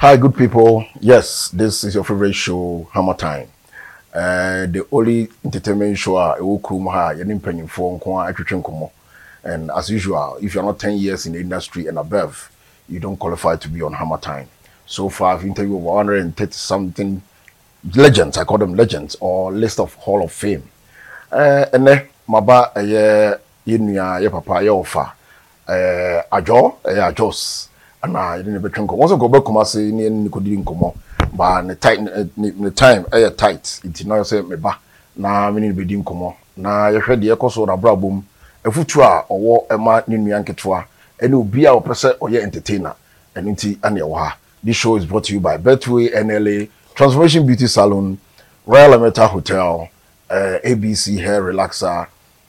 Hi, good people. Yes, this is your favorite show, Hammer Time. Uh, the only entertainment show I will come high, you didn't pay for Nkomo. And as usual, if you're not 10 years in the industry and above, you don't qualify to be on Hammer Time. So far, I've interviewed 130 something legends, I call them legends, or list of Hall of Fame. Uh, eh, and then, my ba, yeah, yeah, papa, yeah, offer. Uh, Ajo, eh, Ajos ana yɛde ne bɛtwe nkɔmmɔ sɛ nkɔmmɔ kuma se ne yɛne ne kɔdidi nkɔmmɔ ba ne time ɛyɛ tight nti na sɛ meba na mene ne bɛdi nkɔmmɔ na yɛhwɛ deɛ ɛkɔ so nabrabɔ mu e afutuo a ɔwɔ ɛma e ne nua nketewa ɛne obi a wɔpɛ sɛ ɔyɛ entertainer ɛno nti ane ɛwɔ ha this show is brought to you by betway nla transformation beauty salon royal emeta hotel uh, eh, abc hair relaxer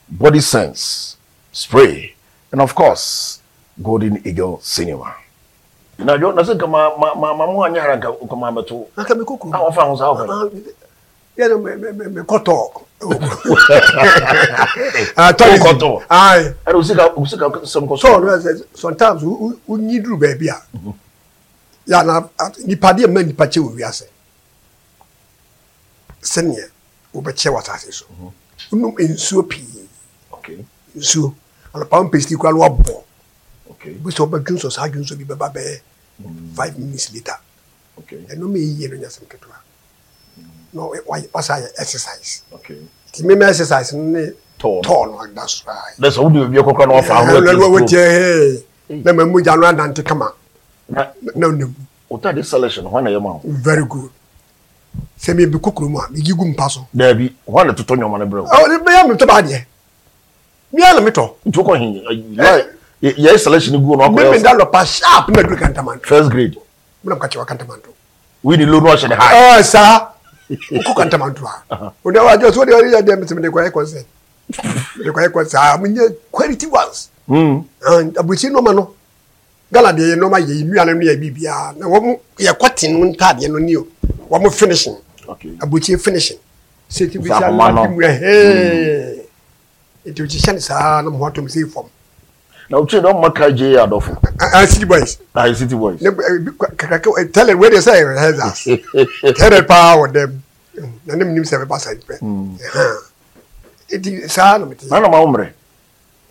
body sense spray and of course golden eagle cinema na jo na se kama ma ma ma mo anya haranka kama meto na ka me kokuru na ofa ho sa ofa ya no me me me koto ah to koto ai era usika usika some koto so no sometimes u nyi duru ba bia mhm. ya na nipa de ma nipa che wi ase sɛnea wobɛkyɛ w'asase so wonom mhm. nsuo pii nsuo anapa mpɛsiri kora no wabɔ wobɛ sɛ wobɛdwonsɔ saa dwonsɔ bi bɛba bɛyɛ Mm. five minutes later ɛno ma ɛyie no nyɛ sɛm ketewa na ɔsɛ ayɛ exercise nti mema exercise no ne tɔɔ no ada soraɛ sɛ wode baabi kɔkra na wafa na ma mogya no adante kama na wonam wotade selection hɔ na yɛma wo very good sɛ mebi kokuro mu a megi gu mpa so daabi hɔ na totɔ nwɔma no berɛ wo bɛyɛ metɔ baadeɛ biaa na metɔ nti wokɔ he yɛ selection gu no akɔyɛ mimi ndalo pa sharp na duru kantamanto first grade muna mkache wa kantamanto wini lu no shene high ah sa o kantamanto ha unde wa jo so de ori ya dem simde kwa concert de kwa concert ah munye quality ones mm and abuchi no ma no gala de no ma ye nua no ya bibia na wo mu ye kwatin no ntade no ni o wo mu finishing okay abuchi finishing seti bi sha ma mu he eh, eh. hmm. etu chi shan sa no mo to mi form na o tún yẹ dɔn ma ka je adɔfo. a city boys. a city boys. ne kaka kɛ tɛlɛ wɛrɛ de sɛ yɛrɛ hɛ la tɛlɛ paa wɔ dɛ na ne minimu sɛbɛ ba sa yi pɛ. eti saa na mi ti. n'a nana aw mɛrɛ.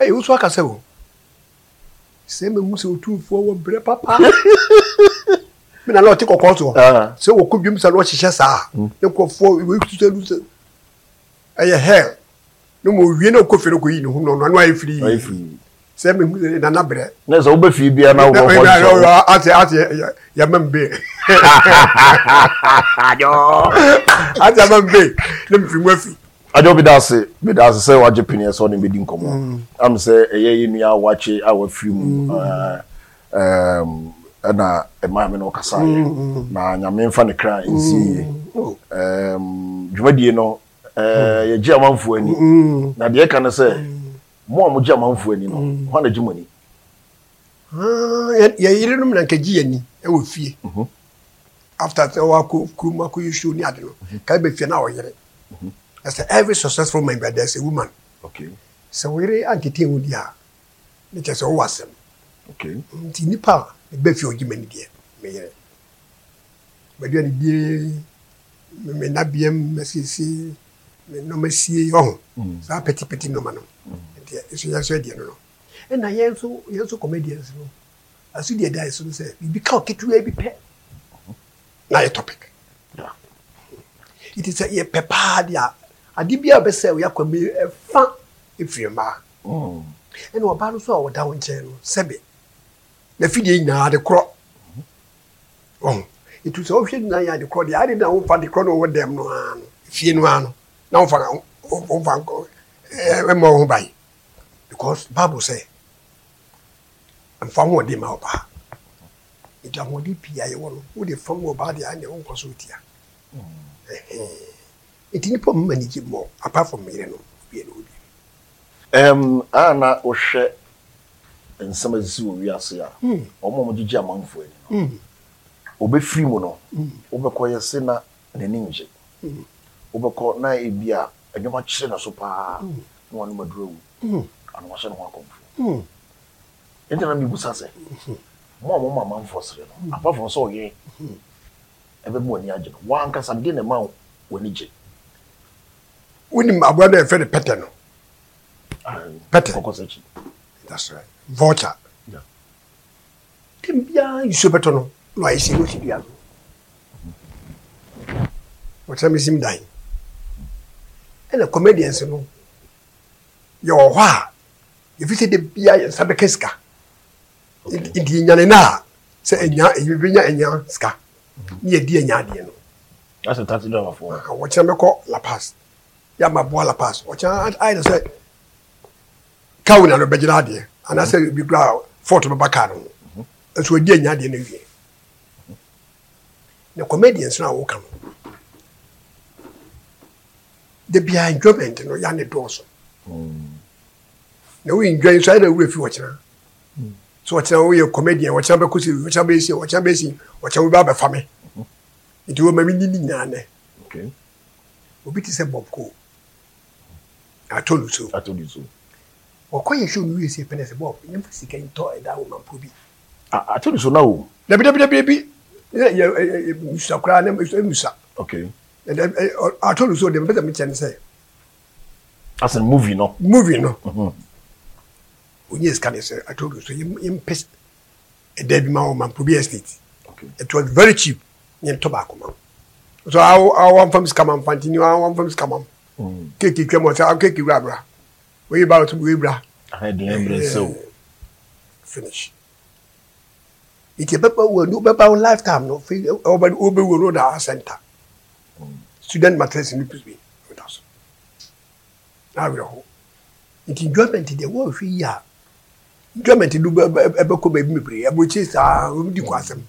ɛyi o sɔ a ka sɛ o sɛ mɛ muso tun fɔ wɔ bɛrɛ papa. mi na lɔ ti kɔkɔ sɔ sɛ wɔ ko jomisa lɔ sisɛ saa ne kɔ fɔ o yi tutu ɛlu sɛ ɛyɛ hɛl ne mo wiye ne ko feere ko yi ni hun nɔ nɔ n'o ye fili ye sɛ mi nana brɛ. ne sɛ wobɛ fi biya na wobɔ kɔ sɔrɔ. ati ati yamɛ mi be. ati yamɛ mi be ne mi fi wɛ fi. ajo bi da se bi da se sɛ wagye pini ɛsɛ ɔni bi di nkɔmɔ mm. am sɛ ɛyɛ yi nua awakye a wafiri mu mm. ɛna ɛmaa mi na ɔkasa yɛ mm, na nyame nfa ne kra nsi yie oh. dwumadie no yɛgye amanfoɔ ani na deɛ ka ne sɛ mo a mogye amanfoɔ ani no mm. hɔ na gye mo ani yɛyerenom ah, na nkagye yɛni ɛwɔ fie mhm. after sɛ wakɔ kurom akɔ yɛ show ne ade no mhm. ka bɛfie no a ɔyere ɛsɛ mhm. every successful man bɛ there's a woman sɛ woyere ankete wo di a ne kyerɛ sɛ wowɔ asɛm nti nnipa a bɛfie ɔgye m'ani deɛ meyere madua ne bie me nabeɛm masiesie me nɔmasie ɔho mm. saa pɛtipɛti nɔma no deɛ nso yɛn nso deɛ no no ɛna yɛn nso yɛn nso comedians no aso deɛ da so no sɛ biribi ka ketewa bi pɛ na yɛ topic iti sɛ yɛpɛ paa deɛ ade bi a bɛsɛ o yɛakɔ mi ɛfa efiri mmaa ɛna ɔbaa no so a ɔda wo nkyɛn no sɛbi na fidie nyinaa de korɔ ɔn etu sɛ ɔhwɛ nyinaa yɛ ade korɔ deɛ ade na wofa de korɔ na ɔwɔ dɛm no ano fie no ano na wofa wofa nkɔ ɛɛ ɛmɛ ɔho ban. because bible say mfa ma ọba nti pii a yɛwɔ no wode fam ɔbaa deɛ aneɛ wonkɔ so wotia mma ne gye apart from yerɛ no bie no wobi um, a na nsɛm asisi wɔ wiase a hmm. ɔma ɔmo gyegye amanfoɔ ani no hmm. obɛfiri mu no hmm. wobɛkɔ yɛ se na n'ani ngye na ebi a kyerɛ na so paa na ano wɔhyɛ ne ho akɔmfo ɛnti na mebusa sɛ mo a moma amanfoɔ sere no apafoɔ sɛ ɔyɛ ɛbɛma w'ani agye no woankasa de ne ma w'ani gye wonim aboa no ɛfɛ ne pɛtɛ no pɛtɛ vulture tem biara nsuo bɛtɔ no na ɔayɛ sɛ ɛwɔsi dua no wɔkyerɛ me sim dan ɛna comedians no yɛwɔ hɔ a efisɛ de bia yɛn nsa bɛka sika nti yɛnyane no a sɛ ɛnya ɛbɛnya ɛnya sika ne yɛdi ɛnya adeɛ no wɔkyerɛ mɛkɔ lapas yɛama mm-hmm. boa lapas ɔkyerɛ ayɛ sɛ kaw na no bɛgyina adeɛ anaasɛ bi kora fort bɛba kaa no ho nso ɔdi ɛnya adeɛ no wie mm-hmm. na comedians no a woka no da bia enjoyment no yɛane dɔɔso na wo enjoy nso ayɛ na wura fi wɔkyerɛ so wɔkyerɛ wo yɛ comedian wɔkyerɛ bɛkɔ si wɔkyerɛ bɛsi wɔkyerɛ bɛsi wɔkyerɛ wo bɛ abɛfa me nti wo mami ni ni nyinaa nɛ obi ti sɛ bob ko ato lu so wɔkɔ yɛ show no wiye sɛ pɛnɛ sɛ bob nyɛmfa sika ntɔ ɛda wo mampo bi ato lu so na wo dabi dabi dabi dabi yɛ yɛ musa koraa ne musa e ato e, lu so de mpɛsɛ mi kyɛn sɛ. asan movie no. movie no. Mm-hmm onye scan yɛ i told you so yɛm yɛm pɛ ɛda bi ma wɔ ma mpobi estate it was very cheap yɛn tɔ baako man. so I, I anfam from ma nfa ntini awo anfam sika ma keeki twɛ mu ɔsɛ awo keeki wura bra oye ba ɔtɔ oye bra finish nti bɛba wo no bɛba wo lifetime no fi ɔbɛ ɔbɛ wo no our center mm. student matters ni pisi bi ɔda so n'awurɛ hɔ nti enjoyment deɛ wɔn ahwɛ yi a gọọmenti du ɛbɛkɔ baabi bebree abɔkye saa ɔmudi kɔ asɛm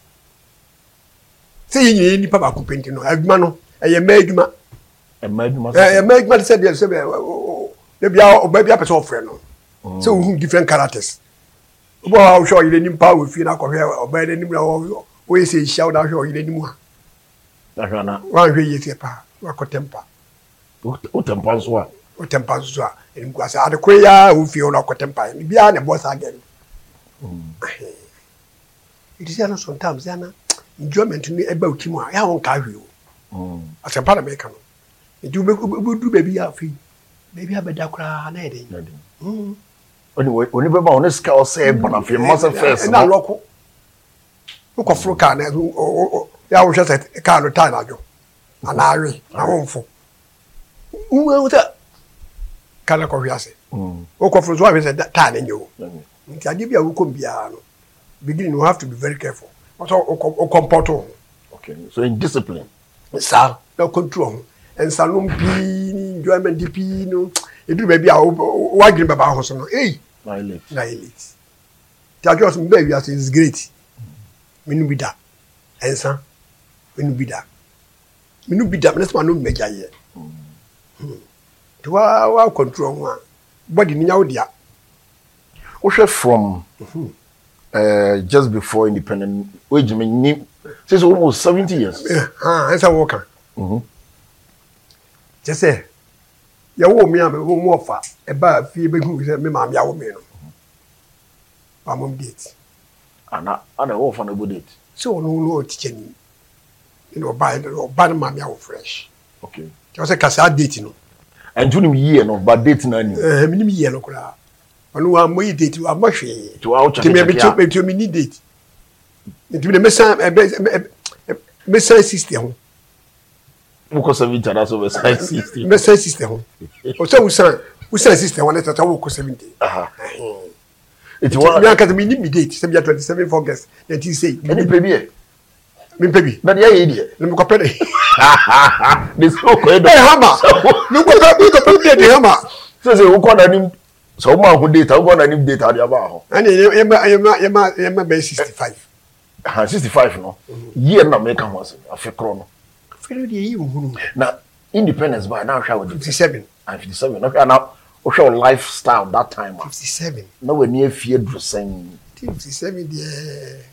sɛ yɛ nyinaa nipa baako penti no adwuma no ɛyɛ mmaa adwuma ɛyɛ mmaa adwuma sɛ deɛ sɛ deɛ bia ɔbaa bi apɛ sɛ ɔfrɛ no mm. ohun different characters wọ́n bá ɔhwɛ ɔyere nim paa wòfin náà kɔhwɛ ɔbaa yẹn nim na ɔyɛ sɛ ehyia wọn ahwɛ ɔyere nim ha wọn ahwɛ yie sɛ paa wọn akɔ tɛmpa. o tɛmpa nso a. ɔtɛmpa soso a ɛnim kura ya ofie hɔ na akɔtɛmpa yɛ na ɛbɔ saa gɛ no mm. sɛ sometimes ana enjoyment no ɛba wo mu a o mm. asɛmpa na meka no nti ebi baabi a baabi koraa na yɛ den oni bɛ ɔne sika ɔsɛ fɛs mm. na lɔko wokɔ foro kaa na yà wò hwɛ sɛ kaa no taa na adwo anaa na wɔn fo. kana kɔhwe ase mm. wokɔforo so woahwɛ sɛ taa ne nyɛ o nti adeɛ bi a wokɔ biara no beginning you have to be very careful wɔsɛ wokɔmpɔto ho so indiscipline saa na control ho nsanom pii ne enjoyment pii no ɛduru baabi a woadwene bɛbaa ho so no ei na yɛ late nti adwene so mbaa wiase is great menu bi da ɛnsa menu bi da menu bi da mene sɛ ma no mmagya yɛ nti wa control ho a body ni nyawo dia wohwɛ from mhm. eh, just before independent wage me ni since almost seventy years. Eh, ɛn sɛ wɔn kan mhm. kyɛ sɛ yɛwɔ mi a mɛ wɔn mu ɔfa ɛbaa fie bɛ hu sɛ mi maame awɔ mi no wa mo date. ana ana ɛwɔ fa na ɛbɔ date. sɛ wɔn wɔn ɔtikyɛ ni ɛna ɔbaa ɛna ɔbaa ne maame awɔ fresh. okay kyɛ sɛ kasa date no ɛntu nim yie no ba date nani? ni. ɛɛ eh, mi nim yie no koraa ɔno wa mo yi date wa mo hwɛ. tiwa awo kyakya kyakya tèmi ɛbi mi ni date ntumi de mesan ɛbɛ mesan sixty ho. mo kɔ seventy ara so mesan sixty. mesan sixty ho ɔsɛ wusan wusan sixty ho ne tata wo kɔ seventy. nti wọn. mi ankasa mi ni mi date sɛbi ya twenty seven august nineteen six. ɛni pɛ mepɛ bi bɛde yɛyɛ deɛ ne mekɔpɛ de eh, de sɛ wokɔɛ dɔ ɛ hama mekɔpɛ mekɔpɛ deɛ de hama sɛ sɛ wokɔ n'anim sɛ woma ho data wokɔ n'anim data de abaa hɔ ɛne yɛma yɛma yɛma yɛma bɛyɛ sixty five eh, ha sixty five no year na meka ho ase afe korɔ no afɛrɛ deɛ yi wohunu na independence baa na ahwɛ a wɔde fifty seven ah fifty seven na hwɛ ana wohwɛ wo lifestyle that time a fifty seven na w'ani afie duro sɛn fifty seven deɛ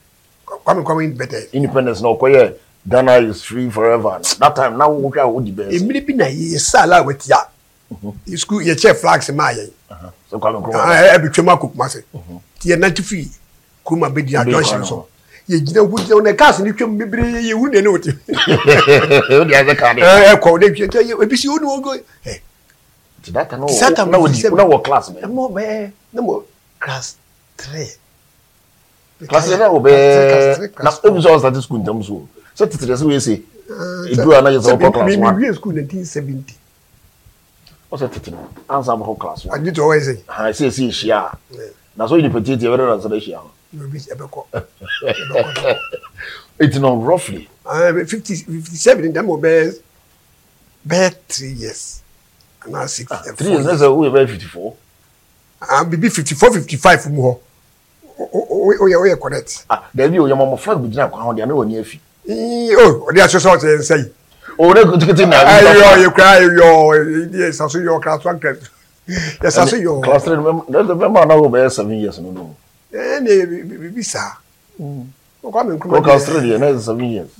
kwame kwame independence. independence na ọkọ yẹ ghana is free forever that time na wọn kọ àwọn di bẹẹ. èmi bi na yẹ sáàlà wẹ ti ya mhm. school yẹ kyẹ flags maa yẹ. Uh-huh. so kwame nkrumah. Ah, ẹ bi twem akọ kumase uh-huh. ti yẹ nante fi kuruma bẹ di adjọnsin so yẹ gyina hu gyina na cars ni twem bebree yẹ hu nani o ti. o de ẹsẹ kan de. ẹ kọ o de fi ẹ ebi si o ni o go. ti data na wọ class bẹẹ. na wọ class three. Klasi na obe na obi so start school ntam so. So titire se we say. Edu ana je so ko class 1. Me we school 1970. O se titire. Ansa mo class 1. Anyi to we say. Ha se se shia. Na so you petit e vera na so shia. No bi e be ko. It's not roughly. Uh, 50, 57 dem obe be 3 years. Na ah, 6 uh, years. 3 years na so we be 54. Ah bibi 54 55 mu ho oyɛ oyɛ correct. ah dabi o yɛ mɔmɔ flag bi gyina kwan ho deɛ mi wɔ ni efi. o o de asosɔ ɔsɛ nsa yi. o ne tikiti na. ayɔ yekura ayɔ yasaso yɔ kraso ankɛ yasaso yɔ. kilasi de bɛ bɛ maa n'awo bɛyɛ seven years nínú. ɛɛ e, ne bi sa. o kɔ mi nkuma de. o kilasi de yɛ ne ye seven years.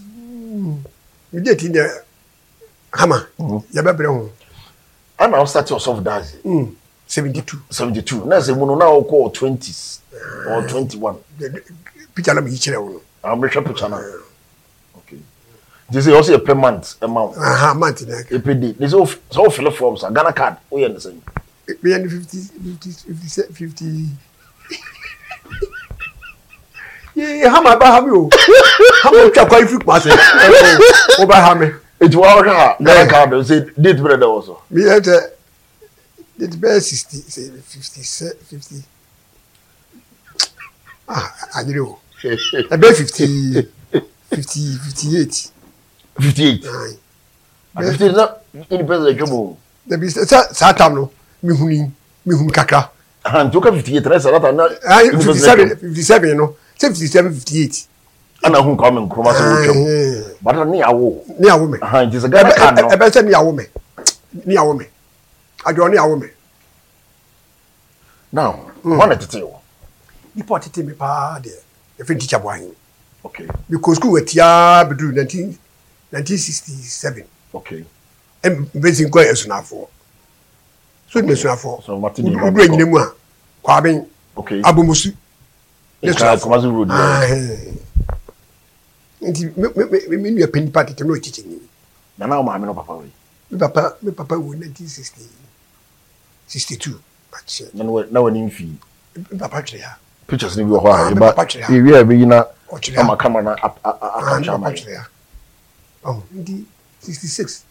mi de ti dɛ hama yɛ bɛ bɛrɛ ho. ɛna aw sati ɔsɔfo daazi. Mm. 72 72 na sɛ mu no na wokɔ 20s or 21 eh, picture na meyi kyerɛ wo no amehwɛ picture no nti sɛ ɔsɛ yɛpɛ month ma wopɛ di ne sɛ wofile form sa ghana card woyɛ ne sɛn meyɛ no 50 hama ba hame o hama otwa kwa ifiri kpa sɛ woba hame ɛti woawɔhwɛ a ghana card sɛ eh, oh. oh. eh. date berɛ dɛ wɔ so meyɛ sɛ déti bẹ́ẹ̀ sixty ah, fifty fifty ah àdìrẹ́ o ẹ bẹ́ẹ̀ fifty fifty fifty eight. fifty eight àti fifty eight náà independent ẹjọ́ mọ̀ o. dẹbi sá sá tam no mi hun ni mi hun kakra. ahan tí o fifty eight rẹ sara ta ná. fifty seven fifty seven no ṣe fifty seven fifty eight. ana hun kaw mi nkuruma sọ wọ́n twẹ́mu bàtà níyàwó. níyàwó mẹ ahan jẹsẹ gánà kan nọ. ẹ bẹ sẹ níyàwó mẹ níyàwó mẹ adwene ne awo me now mm. wọn na tete wɔ nipa ɔtete mi paa deɛ efi teacher bɔ ahin okay because school etia beduru nineteen nineteen sixty seven okay ɛn mbɛsi nkɔ esunafoɔ so ni esunafoɔ wudu enyina mu a kwabe okay abomusu esunafoɔ road nti ah, eh. mi mi mi nua pɛ nipa tete mi na o tete ni. nana o maame no papa wo yi. mi papa mi papa wo nineteen sixty. 62 uh, na wani mfi papa twerɛ ha pictures ni bi wɔ hɔ a ah, yɛba ewi a ah, ebi ah, na ama kama mm. na akankyɛ ama yi ɔn nti 66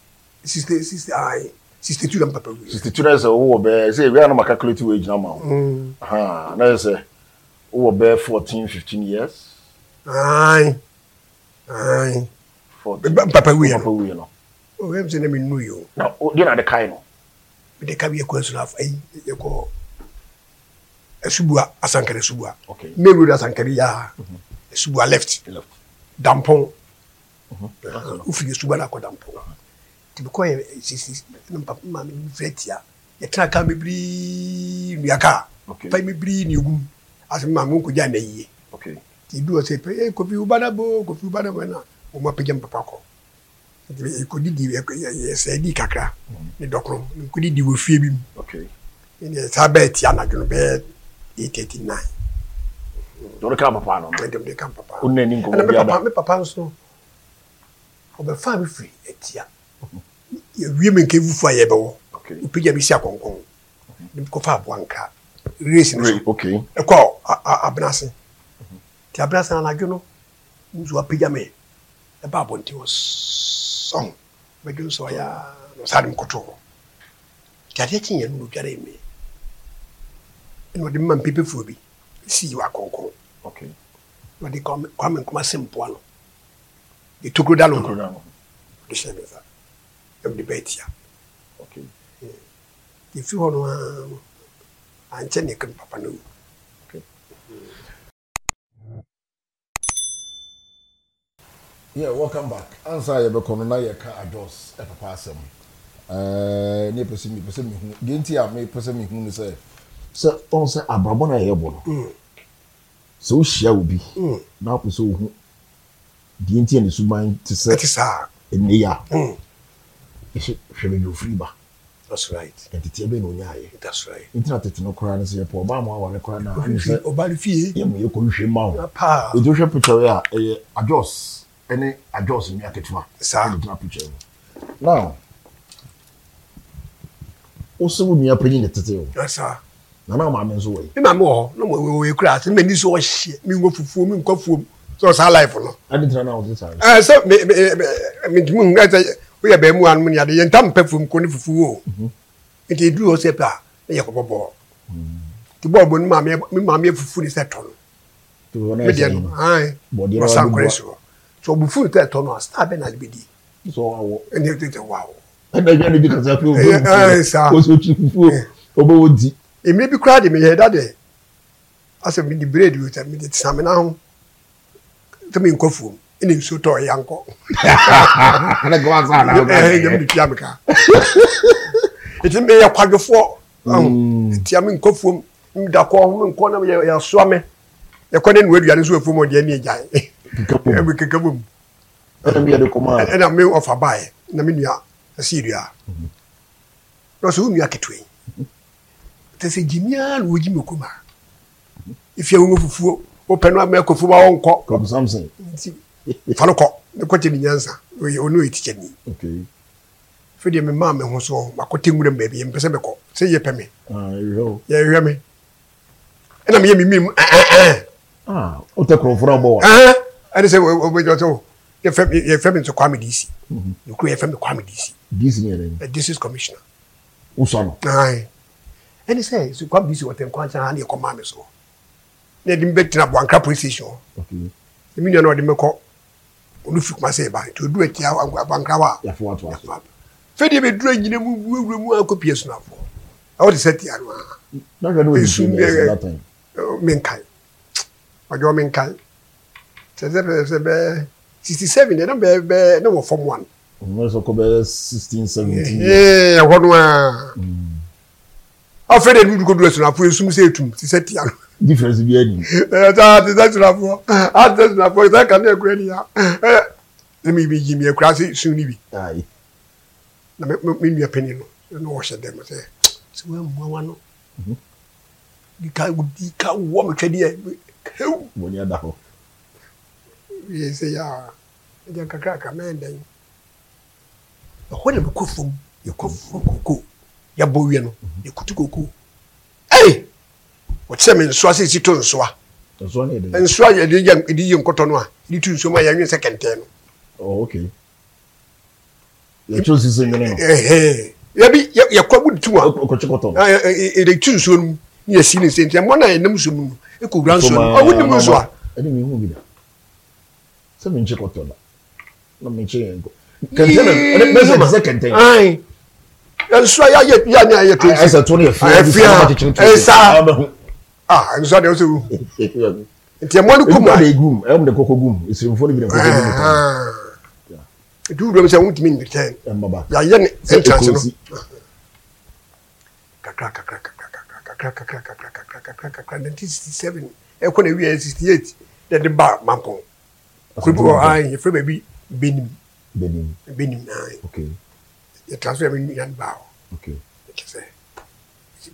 60 60 ayi 62 na papa wi 62 na yɛ sɛ wowɔ bɛɛ sɛ ewi a na ma calculate wo egyina ma o na yɛ sɛ wowɔ bɛɛ 14 15 years ayi ayi papa wi yɛ no o yɛ mi sɛ ne mi nu yi o na o di na de ka mede ka bi yɛkɔ asuna ayi yɛkɔ asubua asankare asubua okay. main road asankare ya mhm. asubua left dampɔn wofiri mhm. eh, asubua na akɔ dampɔn nti mekɔ yɛ sisi ne papa maame bi fɛ tia yɛtena kaa bebree nnua kaa pa bebree ne egum asɛ maame nkɔgya na yie nti bi wɔ sɛ kofi wo ba bo kofi wo ba na bo na wɔn apagya mpapa kɔ kɔdidi yɛsɛ di kakra ne dɔkorɔ nkɔdidi wɔ fie bi mu ne saa bɛɛ ti anadwo no bɛɛ eight thirty nine. dɔwɛrɛ kan papa nɔ. ɛdɛm de kan papa. ko nɛni nkɔmɔ bi a da. ne papa nso ɔbɛ fa mi firi ɛtia yɛwie mi nke fufu a yɛbɛwɔ opegya bi si akɔnkɔn ne bi kɔfa aboa nkra race ne so ɛkɔ abenase ti abenase anadwo no nso apegya mi ɛba abɔnten wɔ sss sɔn bɛdi nsɔnya ɔsaade nkoto kyadeɛ kye yɛn no dware mi ɛna ɔde mma mpepefuo bi sii wa kɔnkɔn na ɔde kwame nkoma se mpoa no de tokuro da no ɔde hyɛ ne nsa na ɔde bɛɛ tia yɛfiri hɔ no ankyɛ ne krim papa no wu yeah welcome back ansa yɛbɛkɔ no na yɛka adɔs ɛpapa e asɛm ɛɛ eh, ne pɛsɛ mi pɛsɛ mi hu genti a mi pɛsɛ mi hu ni sɛ sɛ ɔn sɛ abrabɔ na yɛ bɔ no mm. sɛ o hyia obi mm. na apɛ sɛ o hu deɛ nti a ne suban te sɛ ɛte saa ɛnne ya ɛhyɛ hwɛmɛ yɛ ba that's right ɛtete ɛbɛn na onyaa yɛ that's right ntina tete no koraa e ne sɛ yɛpɛ ɔbaa mu awɔre koraa na ɔbaa e ne fie yɛ mu yɛ kɔ nhwɛ mma o ɛdi ohwɛ picture yɛ a ɛyɛ adɔs ɛne adjɔs mi aketewa saa ɛna gyina picture mu now wosi wo nua panyin de tete o na na maame nso wɔ yi. mi maame wɔ hɔ na mo wɔ ekura ase mi ni so ɔhyɛ mi nkɔ fufuo mi nkɔ fuom sọ saa life no. adi tẹ̀lé náà o ti sa. ẹ sẹ mi mi mi mi mi ẹ sẹ o yẹ bẹẹ mu anu ni adi yẹn ntam pẹ fom ko ne fufu o mm. nti edu o sẹ pa ne yẹ kọkọ bọ ti bọ ọgbọn mi maame mi maame fufu ni sẹ tọ no mi diẹ no ayi wọ san kure so sɛ ɔbufu ta ɛtɔ no a star bɛ na ale bɛ di. sɔ wa wɔ ɛni ɛti tɛ wa wɔ. ɛna ɛdi bi kasa o bɛ wo sa o so tu fufu o o bɛ wo di. èmi de mi yɛ ɛda dɛ asɛ mi di bírèdì o tɛ mi di samina ho tɛ mi nkɔ fom ɛna nsu tɔ ɛya nkɔ. ɛna gɔba sa ala o ka yɛ ɛna mi tuya mi ka eti mi yɛ kwadwofoɔ ɛtia mi nkɔ fom mi da kɔ mi nkɔ na mi yɛ yɛ ne nua so efom ɔdi ɛni ɛgya keka bom ɛna me ɔfa baeɛ na me nua asii dua na ɔsɛ wo mhm. nua ketewei te sɛ gyimiaa na wɔgyi me kum a ɛfia wo fufuo wopɛ no ama akɔfu ma wɔnkɔ fa no kɔ ne kɔkyɛ ne nyansa ɔne ɔyɛ tikyɛni fɛdeɛ memaa me ho so makɔtɛ nwuram baabi mpɛ sɛ mɛkɔ sɛ yɛpɛ me yɛhwɛ me ɛna meyɛ memirim wotɛ korɔmforo abɔ wa ɛne sɛ wɔbɛdwa sɛ yɛfrɛ me nso kwame dc nokuro yɛfrɛ me kwame dc district commissioner wosɔ no ɛne sɛ so kwame dc wɔtɛnkwa nkyɛn ha ne yɛkɔmaa me so na yɛde mbɛtena boankra police station hɔ me nua na ɔde mɛkɔ ɔno fi kuma sɛ ɛba nti ɔdu atia boankra hɔ a fɛdeɛ bɛdura nyina mu wurawura mu akɔ pie sonafoɔ ɛwɔ te sɛ tia no a ɛsum menkae ɔdɛ ɔmenkae sɛ sɛ bɛɛ sixty seven deɛ ne bɛɛ bɛɛ ne wɔ form one. ɔmɔ sɔ kɔ bɛɛ sixteen seventeen. ee ɛhɔ no aw fɛn de ni dugu dula sunafo ye sumu se tun sisɛ tiya lɔ. difference bi yɛ nin. ɛɛ taa sisɛ sunafo a sisɛ sunafo sisɛ kan ne kura nin ya ɛɛ ne mi bi jimi ekura se sunni bi. ayi. na mi nuyɛ pɛni nɔ ne wɔsɛ dɛ mɛ sɛ sɛ wa nɔ. di ka di ka wɔ mi di yɛ. wɔni a da hɔ wie sɛ yɛ a agya kakraka mɛndɛn ɛhɔ na mekɔ fam yɛkɔ fam koko yɛbɔ wie no mhm. yɛkutu koko ɛy wɔkyerɛ me nsoa sɛ ɛsi to nsoa nsoa yɛde yɛ nkɔtɔ no a ɛde tu nsuo mu a yɛnwen sɛ kɛntɛn no oh, yɛtwerɛ sisi nwene no yɛbi yɛkɔ mu tu a yɛde tu nsuo no mu ne yɛsi ne nsɛ nti ɛmɔ no a yɛnam nsuo mu no ɛkɔ wura nsuo no ɔwo nim nso a sɛ menkye kɔtɔ da na menkye yɛn nkɔ kɛntɛn sɛ kɛntɛn nsu a yɛ yɛ ni a yɛ kɛntɛn ɛsɛ to ne yɛ fia ɛfia ɛsa ah nsu a de ɔsɛ wu nti ɛmɔ ni kumu a ɛmu de gum ɛmu de koko gum esirimfo ni bi de koko gum edu wura mi sɛ ŋun tumi nin tɛ yayɛ ni entrance no kakra kakra kakra kakra kakra kakra kakra kakra kakra kakra nineteen sixty seven ɛkɔ na ewia sixty eight de de ba mampɔn kúrúbù wọ ha yẹ fúrúbù bi benin benin benin ha yẹ transfer mi yan ba o yẹ kẹsẹ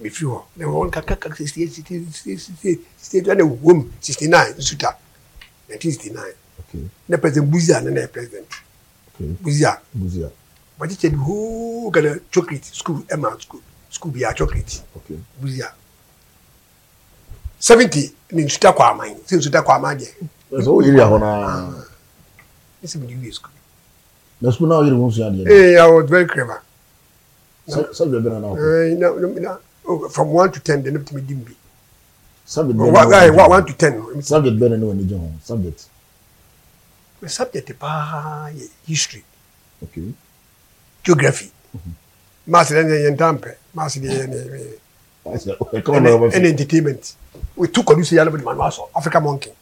mi fi hɔ na wɔn kaka kaka sixty eight sixty eight sixty eight sixty eight sixty eight ɛna wɔm sixty nine nsuta nineteen sixty nine na president buzia ne na yɛ president buzia buzia wakyekyɛ di hoo gana chocolate school ɛma school school bi a chocolate buzia seventy ne nsuta kɔ aman se nsuta kɔ aman deɛ sɛ woyere ahɔ noa na woyere wonsua deɛ eh i was very clever sɛdeɛ bɛna na oh, from one to ten deɛ ne bɛtumi di one to ten subject bɛna ne w'ani gye ho subject me subject is yɛ history okay geography mm-hmm. maths deɛ entertainment we took ɔdu sɛ africa monkey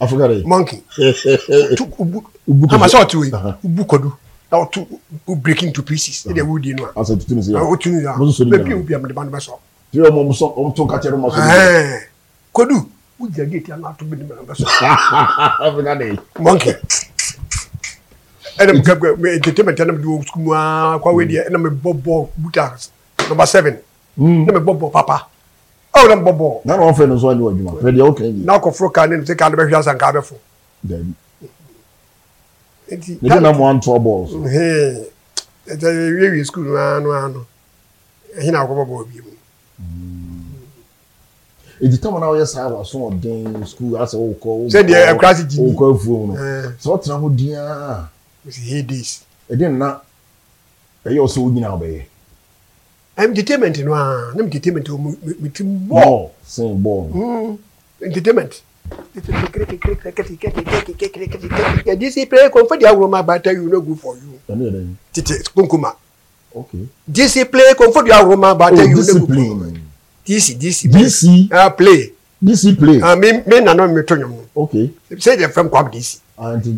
afogare yi. monkey tu ubu ubu kɔdu amasa ɔti oyi ubu kodu. na ɔtu u break into pieces ɛdi ɛwu di nu a. asa tutu ni se ya o tu ni ya bɛbi obi amadi ba ni bɛ sɔn. ti yɛ ɔmu sɔn ɔmu tún kakyɛ ɔmu sɔn. kɔdu u jɛ gate ala tu bi ni bɛ sɔn. afogare yi. monkey ɛnna mu kɛ entertainment ɛnna mu di o sukuu mu aa kɔ awo yɛ mu bɔ bɔ buta number seven ɛnna mu bɔ bɔ papa. Oh, aw na bɔ bɔ. n'a n'anw fɛ nin sɔn ni wa juma fɛ de y'aw kɛ nin ye. n'a kɔ foro kan ne se k'ale bɛ fiyan san k'a bɛ fo. dabi ne bɛna mɔ an tɔ bɔ. ɛɛ ɛ wiye wiye sukulu n'an n'an nɔ ɛ hinɛ akɔbɔ bɔ o bi mu èdè tí wọn yẹ sáà wà sún ọdín skul asẹ òkọ sẹdí ẹkúrasì jìnnì òkọ efu òun sọ ọ tẹnà hó dín áà. o sì hé days. ẹdín nná ẹ yẹ ọsẹ ó nyina ọbẹ yẹ entertainment no aa na entertainment o mi ti ball. sin ball. Mm, entertainment. yàdí sí pé kò fẹ́ di àwòrán you no good for you. títí kúnkùmá. dc play kò fẹ́ di àwòrán máa bá tẹ́ you ah, ah, no good for you. dc dc play. dc play. mi nana mi tó yàn mu. sẹ́yìn dẹ̀ fẹ́ mu kọ́ am dc.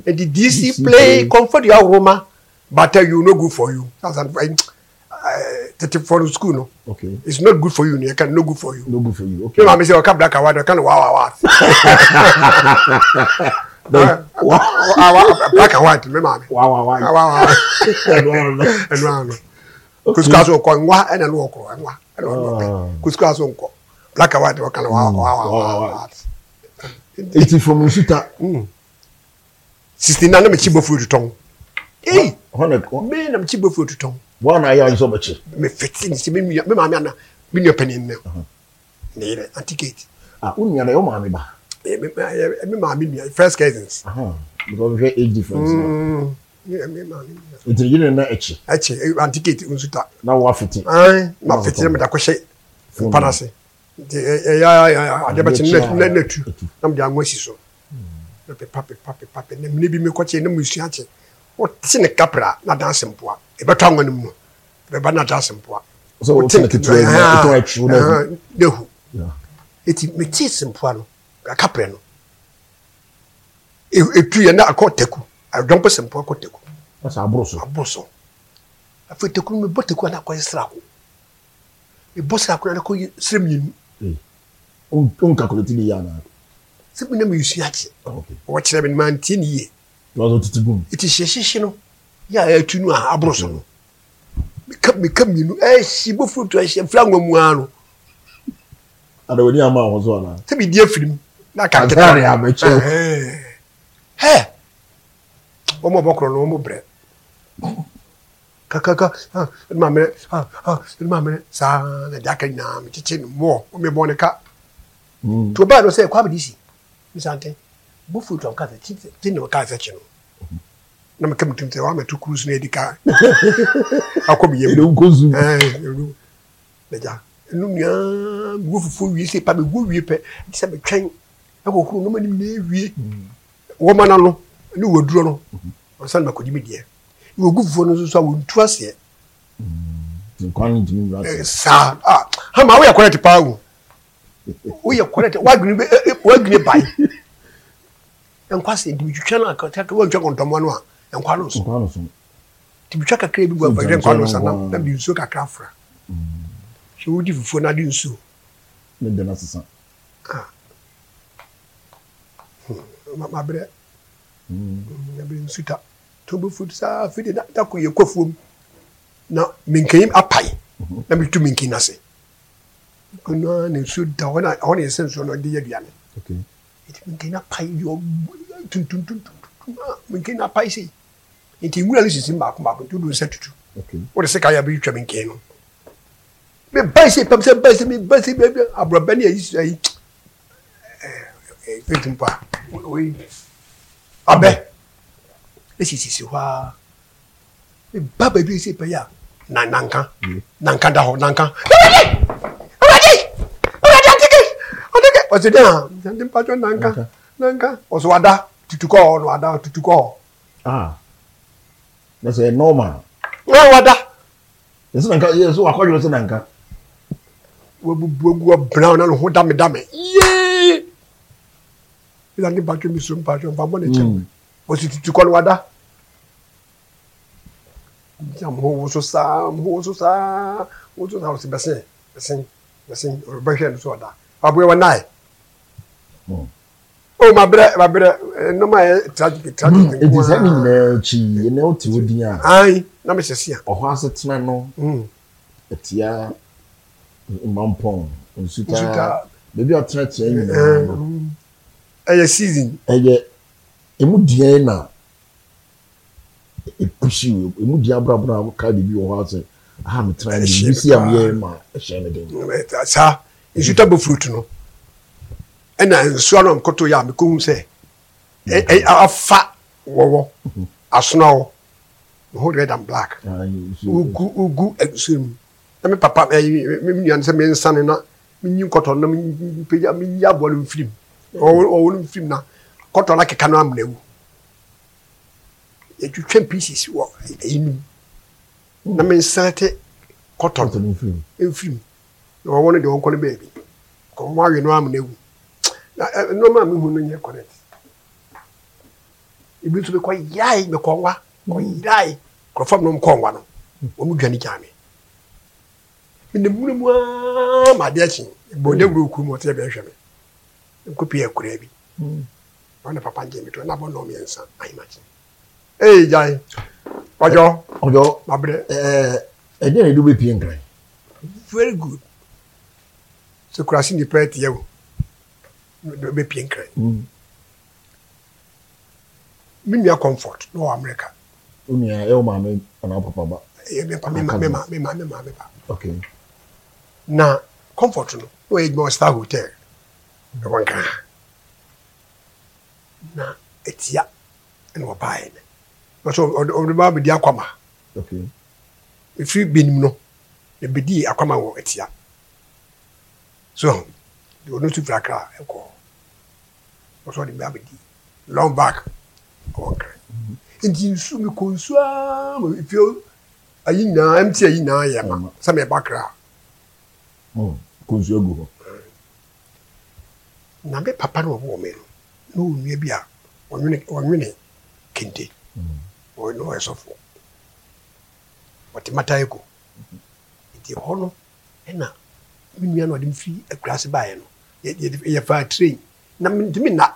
ẹ̀dì dc play kò fẹ́ di àwòrán máa bá tẹ́ you no good for you. from school no. Okay. It's not good for you. can no good for you. No good for you. Okay. No, I'm saying can black and white. I can't wow wow. Wow wow black award. Me mami. Wow wow wow. Wow wow. Ẹnu wow, and ano. Kusikọ aso nkọ nwa ẹna ẹnu ọkọ nwa ẹna ọdọ ọpẹ. Kusikọ aso nkọ black white. wọ can hmm. wow wow wow. wow, wow. It is from Nsuta. Sixty nine na mi ci bọ furu tutọ. Ee. Bẹ́ẹ̀ na mi ci bọ furu tutọ. wọn na yà ọyìnsọ bọkye. mɛ fiti ni se mi nuya mi maami ana mi nuya pɛnɛ nɛ ne yɛrɛ antiketi. a o nuya na yɛ o maami ba. ɛ ɛ mi maami nuya first cousins. because we age difference. ntiri yi ni na ɛkyi. ɛkyi antiketi nso ta. na wa fiti. ɛn ma fiti na mi da kɔhyɛ mpanase nti ɛ ya adabakye ne ne tu na mi de anwa si so. pepa pepa pepa pepa ne mi ne bi mi kɔkye ne mu isu akye wote ne kapra na danse mpoa ɛbɛtɔ anwa no mu bɛba na danse mpoa dahu ɛti metee sempoa no akaprɛ no ɛtuyɛ e-, na akɔ taku adɔmpɛ sempoa kɔ taku aboro so afei taku no mebɔ taku ana akɔyɛ srako mebɔ srako ana akɔyɛ serɛ mmienu eh. wonkakolɛti ne yɛ anaa sɛ mina meyɛsua kye wɔkyerɛ oh, me no mantie ne yie lọ́dún títí gùn. ètò ìṣẹ̀ṣẹ̀ṣẹ̀ no yà á tu inú àbúrò sọ̀rọ̀ mìkà mìínú ẹ̀ ṣì bó fún ètò ẹ̀ṣẹ̀ fúláwọ̀ mu hàn no. àdàwọ̀ ní àmọ́ àwọn sọ̀rọ̀ náà. tẹ́bi díẹ̀ fìrí mu náà kà kẹta. àtàrí àmẹ́kyẹ́. ẹ wọ́n mọ̀ bọ́kùrọ̀ náà wọ́n mọ̀ bẹ̀rẹ̀ kakaka ɛdi maa mɛrɛ ɛdi maa mɛrɛ saa ɛdi aka nyinaa mi titi mi mɔ mi bɔ ne ka. tó o bá yẹn lọ sẹ ẹ kó abidisi mi sàn tẹ bofu tam kasa chi chi ne kasa chi no na me kamtum te wa me to cruise na edika akom yem no gozu eh no beja no nya go fufu wi se pa me go wi pe ti se me twen akokuru no mani na wi wo mana no ne waduro no onsan makodi me die wo go fufu no so so wo ntu ase nkwan ntumi wura se sa ah ha ma wo ya correct pa wo wo ya correct wa wa gni bai nkwa sɛ dibitwitwa no akataka wantwa kɔntɔmmɔ no a nkwa no so dibitwa kakra bi gu afahwɛ nkwa no sa nam na bi nsuo kakra afra hwɛ mm. wodi fufuo no ade nsuo ne dɛ no sesa ah. hmm. mabrɛ mm. hmm, mabrɛ nsu ta tobo food saa afei de da kɔ yɛ kɔ fuom na menkanim apae mm-hmm. na metu menkin no ase ɔnoa ne nsuo da hɔ na ɛhɔ ne yɛ sɛ nsuo no ɔde yɛ aduane nti menkena pae deɛ tuntuntuntuntum menkena pae sei nti nwura no sisi mbaako mbaako nti wode nsa tutu wode sɛ kaayɛ bɛyitwa me nkɛn no mebae sɛ pam sɛ bae sɛ mebae sɛ baabi aborɔbɛ ne ayi ayi pɛntum pa oyi abɛ esisisi hɔ a meba baabi sɛ pɛyɛ a nanka nanka da hɔ nanka. ɔsɛ deɛ a nipa twɛ nanka nanka ɔsɛ wada tutu kɔɔ ɔno wada tutu kɔɔ. ah na sɛ normal. na wada. yɛsɛ nanka yɛsɛ wakɔdwo sɛ nanka. wabubu egu ɔbran na ne ho damedame yee ɛna nipa twɛ mi so nipa twɛ nfa bɔ ne kyɛn ɔsɛ tutu kɔɔ no wada jam ho woso saa ho woso saa woso saa ɔsɛ bɛsɛn bɛsɛn bɛsɛn ɔbɛhwɛ no so ɔda wabuɛ o ma brɛ ma brɛ nneɛma yɛ tragic tragic nko ara eti sɛ ne nyinaa akyi na o te o din a ayi na mi sɛ si a ɔhɔ ase tena no etia mmampɔn nsutaa beebi a ɔtena tia nyinaa no ɛyɛ season ɛyɛ emu dua yi na o emu dua abrabra kaa beebi wɔ hɔ ase aha mi tena yi mi si a mi yɛ ma ɛhyɛn eh, ne den eh, saa nsutaa bɛ fruit no ɛna nsuo anam koto yɛ a mekɔhu sɛ ɛ afa wɔwɔ asona wɔ ho red and black ah, ugu ugu nsuo mu na me papa ɛyi me nua sɛ me nsane na me nyi nkɔtɔ na me mpegya me yi aboɔ no mfirim ɔwɔ no mfirim na kɔtɔ na keka na amena mu yɛtwitwa pieces wɔ ɛyi no na me nsane te kɔtɔ no mfirim na wɔwɔ no deɛ wɔnkɔ no baabi kɔmɔ awe no amena mu na eh, nneɛma mi hu no nyɛ correct ebi nso bɛkɔ yaayi bɛkɔ nwa ɔyaayi hmm. nkurɔfoɔ mi nom kɔ nwa no hmm. wɔn mu dwani gyaame menim mu mu aa ma adeɛ kyi bɔ ne hmm. wuro kurum ɔte bɛn hwɛ me nkopie akura bi ɔne papa ngye mi to ɛna bɔ nnɔɔ mmiɛnsa ahemakye ee gyae ɔjɔ ɔjɔ mabrɛ ɛɛ eh, eh, ɛdeɛ na ɛde wobɛpie nkran very good sɛ kurase nnipa atiɛ wo bɛpie nkran me nua comfort e na ɔwɔ america nua ɛwɔ maame anaa papa ba ɛyɛ e, mɛpa mɛma mɛma mɛma mɛma mɛpa na comfort no na ɔyɛ adwuma star hotel ɛwɔ nkran na etia, ɛna e ɔbaeɛ no na sɛ ɔde ba bɛdi akwama ɛfiri benim no na bɛdii akwama wɔ etia. so ɔno nso firi akra ɛkɔɔ wɔsɔ de bɛ abɛdi long back ɔwɔ kra mm-hmm. nti nsu mi kɔ nsu aa ma fi ayi nyinaa mt ayi nyinaa yɛ ma mm-hmm. sɛmi ɛba kra. Oh, kɔ nsu egu hɔ. na mi papa no ɔwɔ mi no na onua bi a ɔnwene ɔnwene kente mm-hmm. ɔyɛ na ɔyɛ sɔfo ɔte mata eko nti hɔ no ɛna mi nua na ɔde mi fi akura ase baayɛ no yɛ yɛ yɛ fa train na ntumi na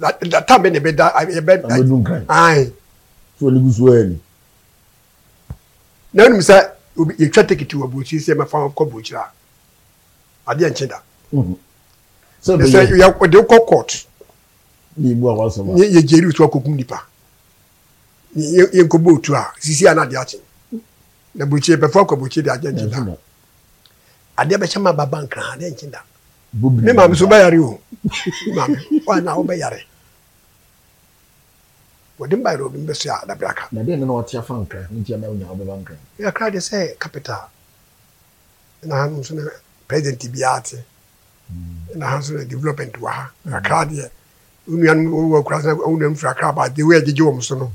that time bɛ na bɛ da yɛ bɛ. an bɛ dun kan ye. so ne bi so yɛ ni. na enu sɛ obi yɛtwa tikiti wɔ bɔnsi sɛ ɛmɛ fan kɔ bɔnsi la adeɛ nkyɛn da. sɛ bɛ yɛ sɛ ɔde kɔ court. ni ibu awa sɔrɔ. ni yɛ jeri otu akokun nipa ni yɛ nkɔ bɔ otu a sisi ana de akyi na bɔnsi yɛ bɛ fɔ akɔ bɔnsi de adeɛ nkyɛn da adeɛ bɛ kyɛn ma ba ban kan adeɛ nkyɛn da ne maame so bɛyare o maame wana wo bɛyare wɔde mbayere obi mbɛso a dabere aka na deɛ na ɔte afa nkra ne nti ama wonya wobɛba nkra yɛkra deɛ sɛ capital na ha hmm. nso na president biara te na ha nso na development wɔ ha akra deɛ nnuanom wɔwɔ akura sɛ wonam firi akra ba de wei agyegye wɔ m so no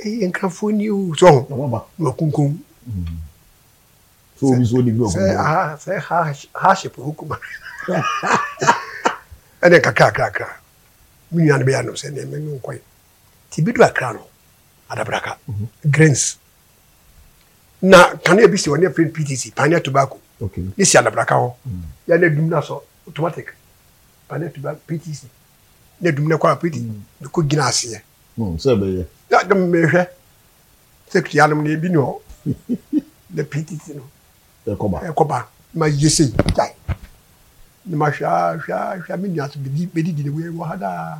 ɛyɛ nkrafoɔ ni o hmm. sɛ ho na wakunkum sɛ ha haship hukuma ɛnɛ kakra kakra mi nua no bɛ yà no sɛ ɛnɛ mɛ mi nkɔ bi do akra no adabraka mhm. grains na kanea bi si hɔ ne yɛ ptc pioneer tobacco ne si adabraka hɔ mm. yɛ ne dum na sɔ automatic pioneer tobacco ptc ne dum ne kɔ a ptc mm. ne ko gyina aseɛ. Mm, sɛ bɛ yɛ. ya dɛm mɛ hwɛ sɛkiti anum ne bi ni hɔ ne ptc no. ɛkɔba e ɛkɔba e ma yese na ma hwɛ hwɛ hwɛ me nua so bedi bedi di ne wei wɔ ha daa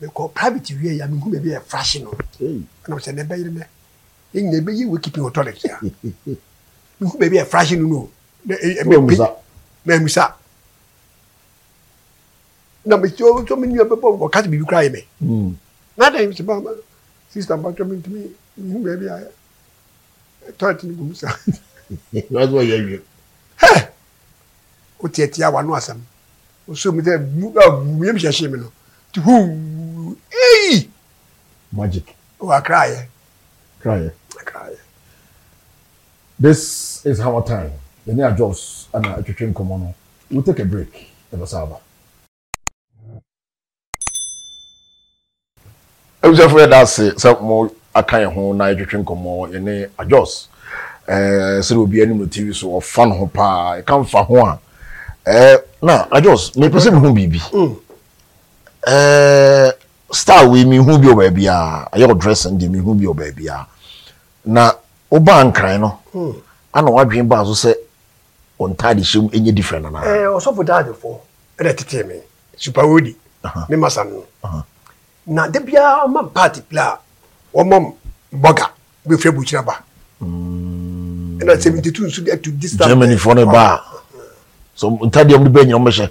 mekɔ private wie ya mehu baabi yɛ frahye no ɛnam sɛ nɛ bɛyere nɛ ɛnyina ɛbɛyɛ wakeeping autolet a mehu baabi yɛ frahye no no mamusa na mesɛ sɛ me nua bɛbɔ ɔka sɛ biribi koraa yɛ me na dɛn sɛ mama sister mbatɔ mentumi mehu baabi a toilet no gum sa na sɛ ɔyɛ awie wotiatia wano asɛm wosome sɛ yam hyehyee me no nti hu ei magic wakraayɛ kraayɛ kraayɛ this is our time yɛne adjos ana atwetwe nkɔmmɔ no we'll take a break ɛbɛsa aba abusuafo yɛda ase sɛ mo aka yɛn ho na yɛtwetwe nkɔmmɔ yɛne adjos ɛɛ sɛdeɛ obi anim no tv so ɔfa no ho paa ɛka mfa ho a Eh, na ajos mepɛ sɛ bi biribi star mi hu bi wɔ oh, baabiaa ah. dressing ɔdressing mi hu bi wɔ oh, baabiaa ah. na wobaa oh, nkran no ana wadwen baa so sɛ ɔntaade hyɛ mu ɛnyɛ different anaa ɔsɔfo daadefoɔ ɛna tetee me supawodi uh-huh. me masa no uh-huh. na da biara ɔma party pla a wɔma bɔga bɛfrɛ bukyira ba ɛna 72 nso atu dis germanyfoɔ no baa so ntadeɛ ɔmo de bɛɛ nyɛ ɔmo hyɛ.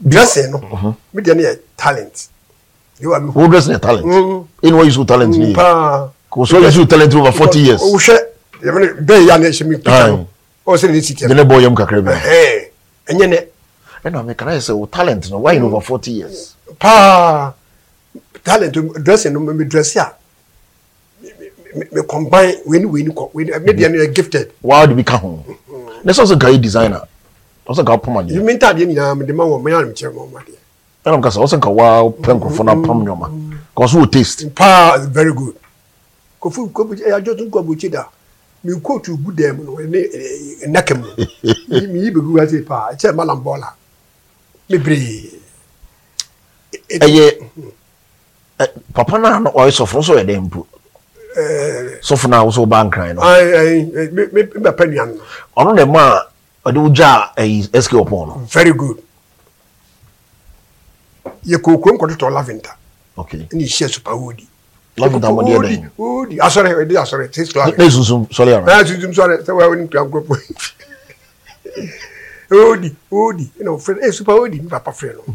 dressing no mi deɛ no yɛ talent. wo dressing yɛ talent ɛni mm. wa yi so talent ni ye kò so yi so talent over forty years. o hwɛ yɛmɛ bɛɛ yà ne ɛhyɛ mi pita no ɔ oh, sɛ eh, eh, ne si tiɛ. ne bɔ yɛm kakra bi. ɛnyɛ nɛ. ɛna mi kana yɛ sɛ o oh, talent no why over forty years. paa talent dressing no mi dressing a mi combine wei ni wei ni kɔ ni mi deɛ no yɛ gifted. waa de bi ka ho ne sɛ sɛ kae designer ɔsɛ ka poma nyɛ mi ntaadeɛ nyinaa mede ma wɔ mɛyɛ anomkyerɛ ma ɔmadeɛ ɛnam ka sɛ ɔsɛ ka wa pɛ nkurɔfoɔ no apam nnwɔma ka ɔso wɔ taste paa very good kofu adwo eh, to nkɔbɔkyi da mi kóòtù gu dɛm no ne nɛkɛ mu mi yi bɛ gu ase paa ɛkyɛ malam bɔɔla bebree. ɛyɛ papa naa no ɔyɛ sɔforo so yɛ dɛ mpo Eh, sɔfo na ahosuo ba nkran no. mbɛ pɛ nua no. ɔno na mu a ɔde wogya ayi sk ɔpɔn no. very good yɛ kookoo nkɔtotɔ laventa. okay ɛna super supawoodi. laventa mo deɛ dɛ. woodi asɔre ɛdi asɔre six laventa. ne sunsun sɔre ara. n'a sunsun sɔre sɛ wa ni tura nkurɔfo yi. woodi woodi ɛna o fɛ ɛ supawoodi mi papa fɛ no.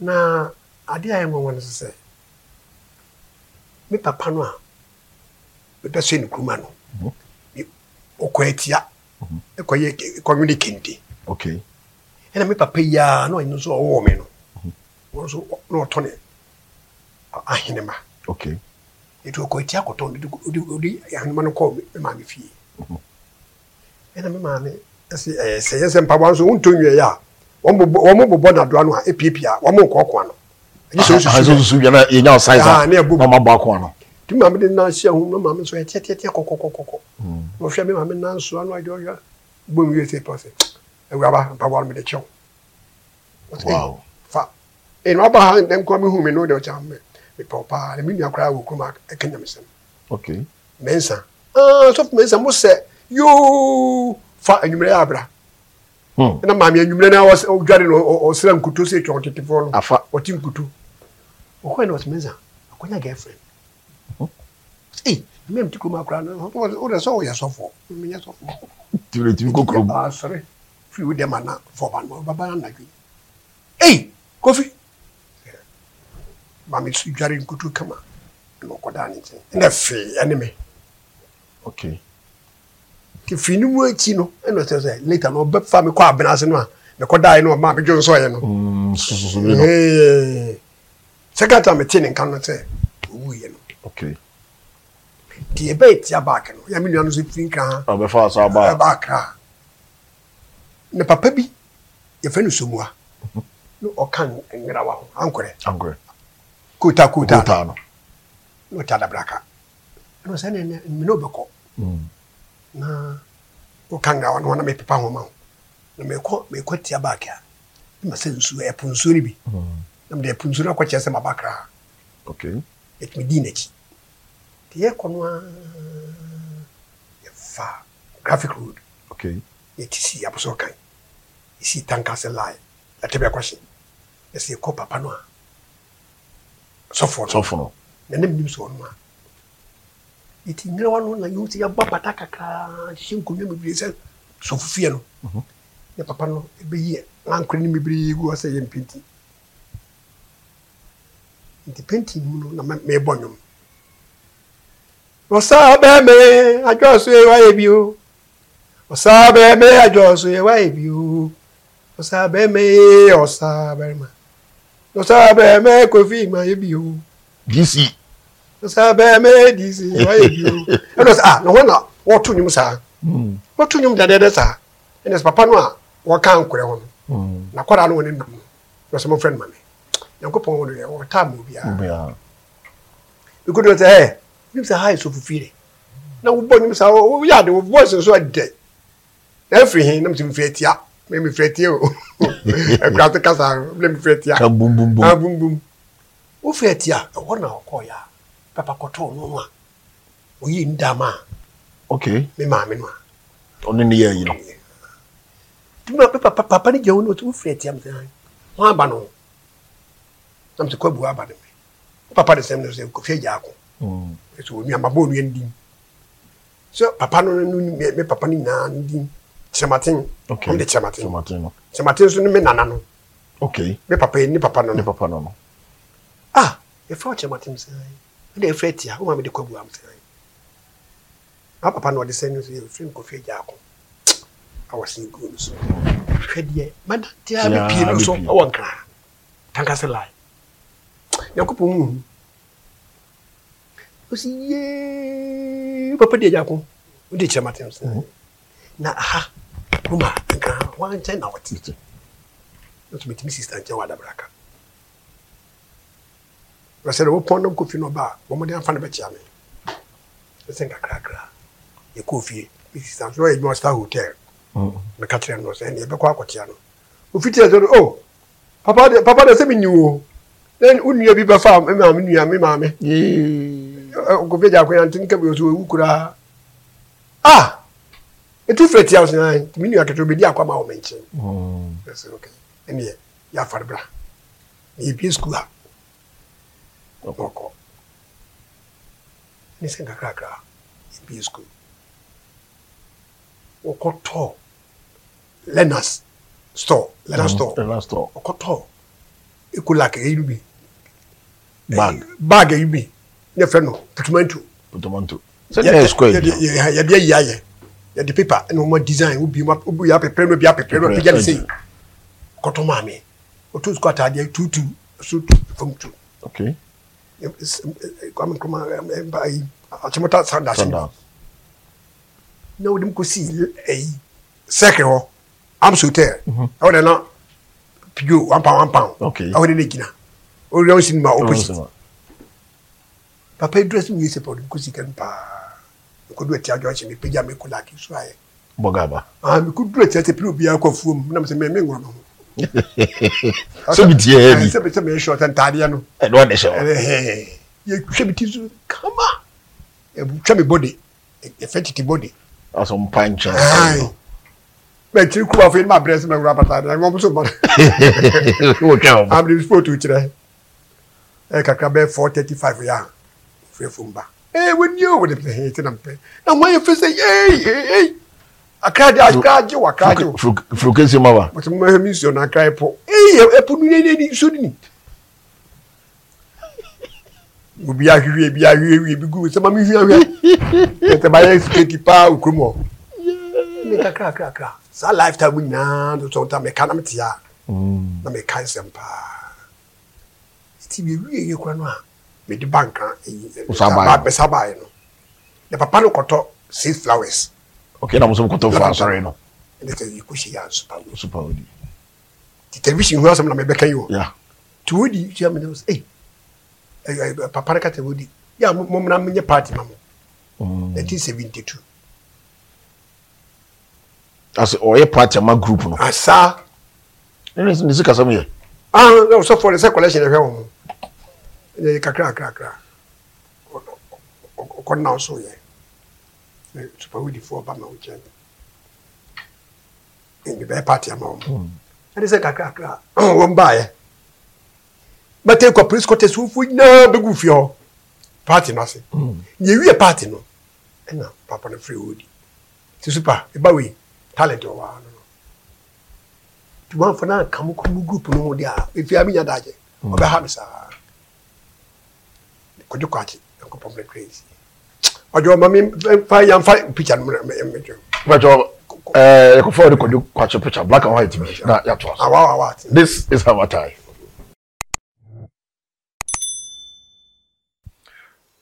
na adeɛ a yɛ ŋɔŋɔ no sisan me papa no a meda sɛ ne kuruma no ɔkɔ mhm. atia ɛkɔyɛ mhm. kɔnwene kente ɛna me papa yi a na ɔno nso ɔwɔ me no ɔno mhm. nso na ɔtɔ ne ahenema ɛti ɔkɔ atia kɔtɔ ɔde ahenema no kɔɔ me maame fie ɛna me maame ɛsɛ ɛyɛ sɛ mpaboa nso wontɔ nwieɛ a wɔn mo bobɔ nadoa no a ɛpiapia wɔn mo nkɔɔkoa no ne sɛ osusu sɛ osusu yɛn na yɛn nyɛ ɔsan sa na ɔma bɔ akɔn no. tumi maame de nan si ahun na maame nso yɛ tiɛtiɛtiɛ kɔkɔkɔkɔ na mm. ɔhwɛ mi maame nan so anu adi ɔhwɛ bom yi esi pɔsɛ ewuraba mpaboa mi de kyɛw. wow fa ɛnu aba ha ndɛ nkɔ mi hu mi n'o de ɔkya mi mi pɔ paa mi nua koraa wɔ kurom ɛka nyamisɛm. ok mɛnsa aa ah, sɔfo mɛnsa mo sɛ yoo fa enyimire yɛ abira hmm. na maame enyimire na ɔdware na ɔsra nkutu si etwa ɔtete fɔlɔ ɔti nkutu ɔhɔ oh. na ɔtumi nsa akɔnya girlfriend ee mmea mi ti kurom akora no o de sɛ ɔyɛ sɔfo mi nyɛ sɔfo. tìrì tìrì kò kurom. asɔre fi wo dɛm ana fɔba no ɔba bana na dwi ee kofi maame si dware nkutu kama ɛna ɔkɔda ne nkyɛn ɛna fii ɛne mi. okay. ti fii ni mu ekyi no ɛna ɔsɛ sɛ later na ɔbɛ fa mi kɔ abena ase no a mɛ kɔ daa yi no ɔmaa mi dwo nsɔ yɛ no. soso second time mete ne nka no sɛ ɔwuiɛ no nti yɛbɛyɛ tia baake no yɛ me nua no so firi nkrabaakra ne papa bi yɛfɛ mm-hmm. no somua mm. na ɔka ngrawa ho ankorɛ kota kota no na ɔta dabraka ɛno sɛ ne mmene wobɛkɔ na ɔka ngrawa no hɔ na mepepa homa ho na mekɔ tia baake a na masɛ nsuo ɛpo eh, nsuo no bi mm na mede apu nsu no akɔkyerɛ sɛ maba kraa ɛtumi dii n'akyi nti yɛkɔ no a yɛfa graphic road yɛti sii abosɔ kan yɛsii tankase line yɛtɛbɛ kɔhye yɛsɛ yɛkɔ papa no a sɔfoɔ no na ne menim sɛ ɔno a yɛti nyinawa no na yɛhu sɛ yɛba pata kakraa hyehyɛ nkonnwa bebree sɛ sɔfo fie no ne papa no ɛbɛyi ankorɛ no mebree gu hɔ sɛ yɛmpenti nti penti mu no na mebɔ nnwom ɔsaa bɛɛme adwɔɔso yɛ wayɛ bio ɔsaa bɛɛme adwɔɔso yɛ wayɛ bio ɔsaa bɛɛme ɔsaa bɛrima ɔsaa bɛɛme kofi ma yɛ bio dc ɔsaa bɛɛme dc wayɛ bio ɛnna ɔsaa ah na wɔn na wɔto nnwom saa mm. wɔto nnwom dɛdɛdɛ saa ɛnna papa no a wɔka nkora hɔ no mm. na kɔda no wɔn ne nam no ɔsɛ mo fɛn ma nyankopɔn wɔde yɛ ɔtaa ma obiara bikodo sɛ ɛ nim sɛ ha yɛ so fifiri na wobɔ o sɛ woyɛ ade wo voice nso adɛ na afiri he na msɛ mfiri atia mefiri atia o oh. akura te kasa na mefiri atia ka o wofiri atia ɛhɔ na ɔkɔɔyɛ a papa kɔtɔɔ o ho a oyi ndama a okay me maame no o ɔne ne yɛ ayi no tumi a papa papa ne gya o no wofiri atia msɛ ho aba no ho na msɛ kɔ abu aba me papa de sɛm no sɛ nkɔfie gya ako ɛsɛ ɔnuama bɔ onua ndim papa no no me papa no nyinaa no din kyerɛmaten ɔm de kyerɛmaten ah, kyerɛmaten so ne me nana no me papa ne papa no no ah yɛfrɛ kyerɛmaten sɛ ɛdɛ ɛfrɛ tia woma mede kɔ abu am sɛ na papa no ɔde no so yɛfrɛ nkɔfie gya ako awɔsen guo no so hwɛ deɛ madantea mepie no so ɔwɔ nkra tankasɛ Yakob hu. Osi ye papa de jako. O de chama tem. Na aha. Kuma nka wan chen na wati. Na to mitimi sister nche wada braka. Rasere wo pon no kofi no ba. Wo mo de afa na be chia me. Ese nka kra kra. Ye kofi. Mi sister so e star hotel. Mm. Me ka tre no se ne be kwa akotia no. Ofiti e so oh. Papa de papa de se mi nyu o then wo nua bi bɛfa me maame nua me maame nkɔfɛ gya akɔnya ntene ka bɛyɛ so ɔwu koraa ah ɛtu fɛ tia wo sena me nua ketewa bɛdi akɔ ama wɔ me nkyɛn ɛneɛ yɛafare bra na yɛpie skul a ɔkɔ ne sɛ nkakrakra yɛpie skul wɔkɔtɔ lenas store lenas mm-hmm. store ɔkɔtɔɔ kulak eyi bi bag eh, bag eyi bi ne fɛ no potomanto potomanto sɛdeɛ square yɛ yɛde ayi ayɛ yɛde paper ɛna wɔn design obi ma obi apɛpɛ no obi apɛpɛ no apɛgya ne se kɔtɔ maame otu sukuu ataadeɛ tuutu so fam tu kwame nkrumah mba yi akyemota sandals na wɔde mu kɔ si ɛyi sɛkiri hɔ amsotɛl mhm. ɛwɔ dɛ na pijo one pound one pound awo de ne gyina o yɛn si ma opposite papa edurasi mi yi sɛ pɔtɔ ko sika ni paa ko do ɛti adu ɔkyɛn mi pejá mi ko laaki so ayɛ. bɔgaba. aa mi ko do ɛti ɛti pili obiara kɔ fuom na mi sɛ mɛ mi ŋɔrɔ mi ho. sɛbi tiɛ yɛ bi sɛbi sɛbi yɛ sɔ ɔtɛ ntaadeɛ no. ɛdi wa dɛsɛ o. ɛɛ yɛ twɛ mi ti so kama ɛbu twɛ mi bɔ de ɛfɛ titi bɔ de. ɔsɔ mpa nkyɛn kyiri kuba afei ne ma brɛ sɛ mɛwura patade na wɔn nso mɔra amdi sport kyerɛ ɛ kakra bɛ four thirty five yɛ a fɛ fun ba ee wɔn ni o wɔde pɛ hɛn tena mpɛ na wɔn ayɛ fɛ sɛ yee yee akra de akra agye wɔ akra agye wɔ furukesi ma wa wɔtɔ mo ɛhɛn mi nsuo na akra ɛpo ee ɛpo nu yɛ ni nsuo ni obi ahwiwe bi ahwiwe bi gu sɛ maame hwi ahwiwe ɛtɛ ba yɛ siketi paa okurum wɔ ne kakrakrakra saa lifetime mu nyinaa ntɔntɔn mɛka na mete a mm. na mɛka nsɛm paa nti mewie yɛ kora no a mede banka bɛsa baeɛ no na papa no kɔtɔ six flowers okay na musom kɔtɔ fa asɔre no ɛnɛ sɛ yɛkɔhyɛ yɛ ansopa nti television hu asɛm na mɛbɛka yi o nti wodi tua mene sɛ ei papa no ka tɛ wodi yɛ a mommra menyɛ party ma mo 1972 mm ase ɔyɛ party ama group no. asa. ɛnna ne si kasa mu yɛ. ahun na ɔsɔfo ne sɛ collection ɛhwɛ wɔn ɛna yɛ kakra kakra ɔkɔ nna ɔso yɛ ɛ supawudi fo ɔba ma ɔkyɛn ɛnni bɛyɛ party ama wɔn ɛna sɛ kakra kakra wɔn ba yɛ bɛtɛ kɔ police quarters wofo nyinaa bɛgu fie hɔ party no ase yɛ wie party no ɛna papa no firi wo di sisupa ɛba wei talent wɔ hɔ ano tuma fana nka mu mu group no ho de a efi ami nya daagye ɔbɛ ha mi saa eh, kɔdu kwakye nkɔ pɔmpɛ crazy ɔdi ɔma mi nfa ya nfa picture no mu ɛmɛ dwom. bàtɔ ɛɛ ɛkɔfɔ ɔdi kɔdu kwakye picture black and white bi na yàtɔ aso awa awa ati this is our time.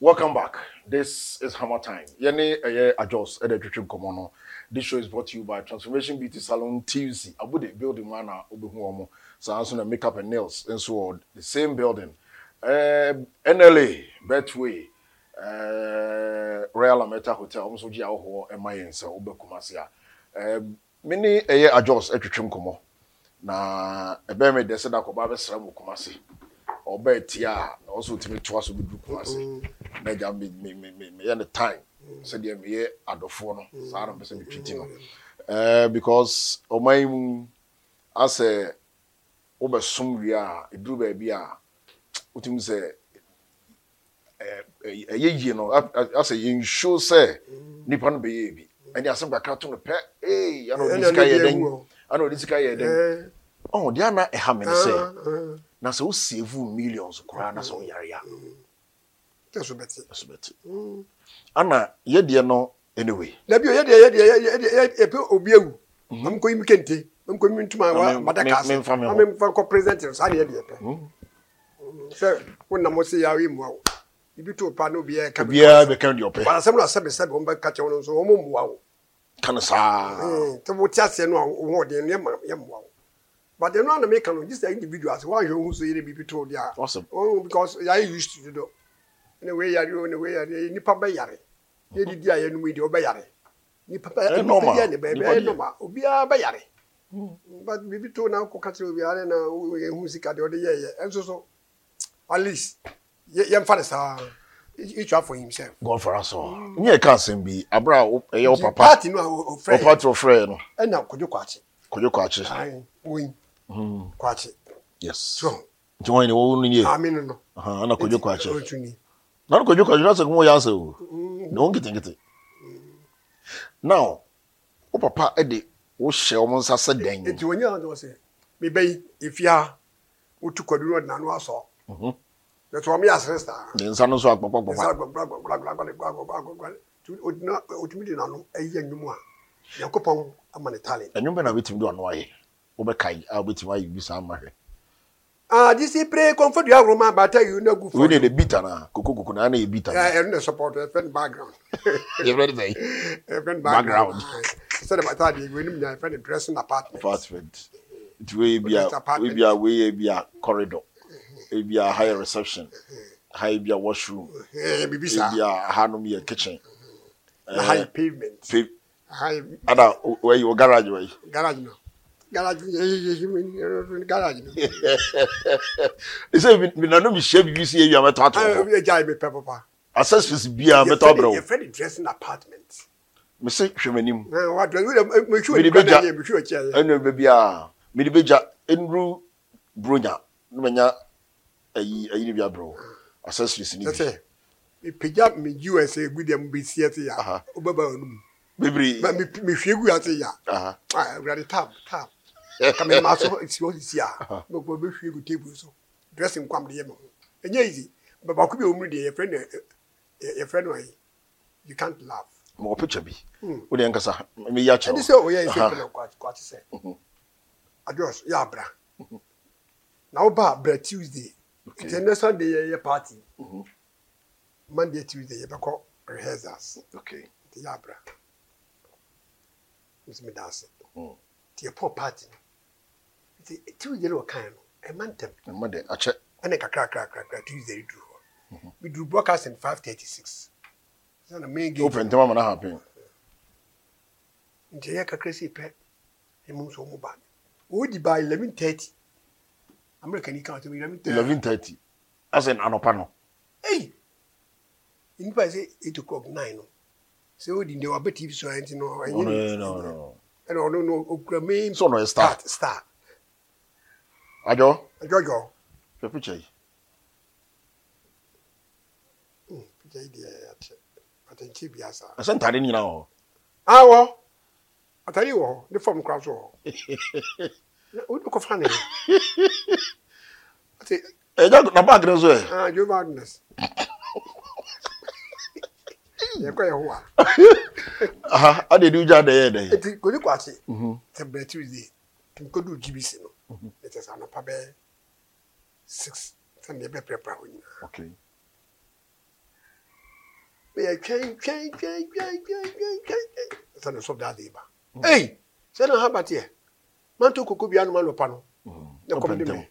welcome back this is hammer time yẹni ẹyẹ ajọs ẹdẹ twitwi nkọmọ náà. This show is brought to you by Transformation Beauty Salon TUC. Abude building mana na obihuomo. So also the makeup and nails and so on. The same building. Uh, NLA, Betway, uh, Royal Ameta Hotel. Almost oji awo ho emaye nsa obe kumasi a. Mini eye adjust etwetwe nkomo. Na ebe me de seda ko ba be sra mu kumasi. Obe tia na also timi toa so bi du kumasi. Na ja me me me me me time. sɛdeɛ meyɛ adɔfoɔ no mm. saa na mpɛ metwiti no mm. eh, because ɔman mu asɛ wobɛsom wie a ɛduru baabi a wotumi sɛ eh, eh, ɛyɛ yie no asɛ yɛnsuo sɛ mm. nipa no bɛyɛ bi ɛne asɛm kakra to no pɛ ɛna ɔde sika yɛ dɛn deɛ ɛha sɛ ah, ah. na sɛ wosievu millions koraa na sɛ woyare a yɛso bɛte yɛso bɛte ana yɛdeɛ no anyway dabi yɛdeɛ yɛdeɛ yɛdeɛ yɛpɛ obi awu mamkɔ mhm. yi mi kente mamkɔ yi mi ntoma wa madaka ase mamfa nkɔ president no saa deɛ deɛ pɛ mhm. mm, sɛ wonam ɔse yɛ awi mmoa wo ibi to pa na obiara ka obiara bɛka deɛ ɔpɛ asɛm no asɛbɛsɛbɛ wɔn bɛka kyɛw no nso wɔn mo mmoa wo ka no saa nti mm, wote aseɛ no a wɔn ɔden no yɛ mmoa wo but the one I'm making, just the individuals, awesome. Oh, because I used ne wei yare o ne wei yare nipa bɛ yare ne didi a yɛnum yi deɛ ɔbɛ yare nipa bɛ nipa bi a ne bɛ bɛ ɛnoma obiara bɛ yare hmm. but bibi to na kɔ kakyere obiara na oyɛ ehu sika deɛ ɔde yɛyɛ ɛnso so at least yɛn fa ne saa each one for himself. God for us all. n yɛ ka asɛm bi abira ɛyɛ o papa paati no a o fɛ o paati o fɛ no. na kojú kwakye. kojú kwakye. ayi oyin hmm. kwakye. yes so. nti wọn yi ni wọn wu ni yie. ami nínú. ana kojú kwakye. o tún ni na ɔno kɔdwo kɔdwo na sɛ kɔmɔ yɛ asɛ o na wɔn nketenkete now wo papa de wohyɛ wɔn nsa sɛ dɛn. nti wɔn nyinaa dɔw sɛ mebe yi efia wotu kɔduro nanu asɔ yɛtɔ wɔn yɛ asɛrɛ saa. ne nsa no nso agbɔgbɔ gbɔgbɔ. nsa agbɔgbɔ agbɔgbɔ na a bɛ tumi do anu ayɛ wobɛkae a wobɛtumi ayi bi saa ama hwɛ. Ah, this is pray comfort your room, but you no good for. We need a beater now. Kuku kuku na na a beater. Yeah, and the support a friend background. You ready there? A friend background. Instead of that, we need a friend dressing apartment. Apartment. It will be a will be a way be a corridor. It be a high reception. High be a washroom. Eh, eh bibi sa. Be a hanum be a kitchen. High eh, pavement. High. Ada, where your garage way? Garage no garage eh, eh, eh, garage mi. ɛsɛ minanu mi sɛ bibi si ewi amɛtɔ ato hɔ. ɛɛ ɛja mi pɛ papa. accessories bi a ah, mɛtɔ abirɛ o. yɛ dressing apartment. mɛ se hwɛmɛ ni mu. wa dɔn yɛrɛ mɛ su yɛ kura yɛ mɛ su yɛ tiɲɛ yɛ. ɛnu de beja ja enuru buronya ne ma nya ayi ayi ni bi abirɛ o accessories ni bi. sɛsɛ ipagya mi usa gu dɛm bi si ɛti ya o bɛ ba ɔnum. bebree. mɛ mi hwɛ gu ya ti ya. awurade tab tab kàmi ma so si o sisi a gbogbo bɛ hwie gu table so dressing kwam de yɛ ma ho ɛnyɛ easy but baako bi a omuru deɛ yɛfrɛ no yɛfrɛ no ayi you can't laugh. mɔgɔ picture bi hmm. o de yɛ nkasa mi yi akyɛw ɛni sɛ o yɛ nsɛ kɛlɛ kɔ ati sɛ adios yɛ abira na o ba abira tuesday international day yɛ yɛ party mm-hmm. monday tuesday yɛ bɛ kɔ rehearsals nti yɛ abira nti mi da ase nti yɛ party nti tiw gyere wɔ kan no ɛma ntɛm kakra kakra kakra tu kakrakrakrakra tuesday duru hɔ meduru broadcasting five thirty six sana main game open ntɛm amana happen nti ɛyɛ kakra sɛ pɛ ɛmu nso ɔmo ba wɔdi ba eleven thirty america ni kan ɔtɛm eleven thirty eleven thirty asɛ anɔpa no ɛyi nipa sɛ eight o'clock nine no sɛ wɔdi ndɛ wabɛ tv so ɛnti no ɛnyɛ ɛna ɔno no okura main sɛ ɔno yɛ start start àjọ. ẹjọ jọ. fẹ píkṣẹ yìí. Hmm, píkṣẹ yìí diẹ eh, àtẹnjí bi àṣà. ẹsẹ ntaade ni nyinaa wọ. awọ àtàrí wọ ní fọọmù kura so wọ. o ní kò fa ni. ẹjọ na báàgì ni so yẹ. ah joe magnus. yẹ kọ yẹ hùwà. aha a de di ujà dẹ yẹ dẹ. eti kò ní kò àti. Mhm. tẹ̀bẹ̀rẹ̀ tuesday nkodu gbc no ɛkyɛ sɛ anɔpa bɛyɛ six sɛdeɛ bɛprɛprɛ hɔ nyinaa meyɛ twɛn twɛn twɛn twɛn twɛn twɛn twɛn sɛne sɔb da adeɛ ba ei sɛ na haba teɛ manto koko bia noma anɔpa no ne kɔmde mm-hmm. me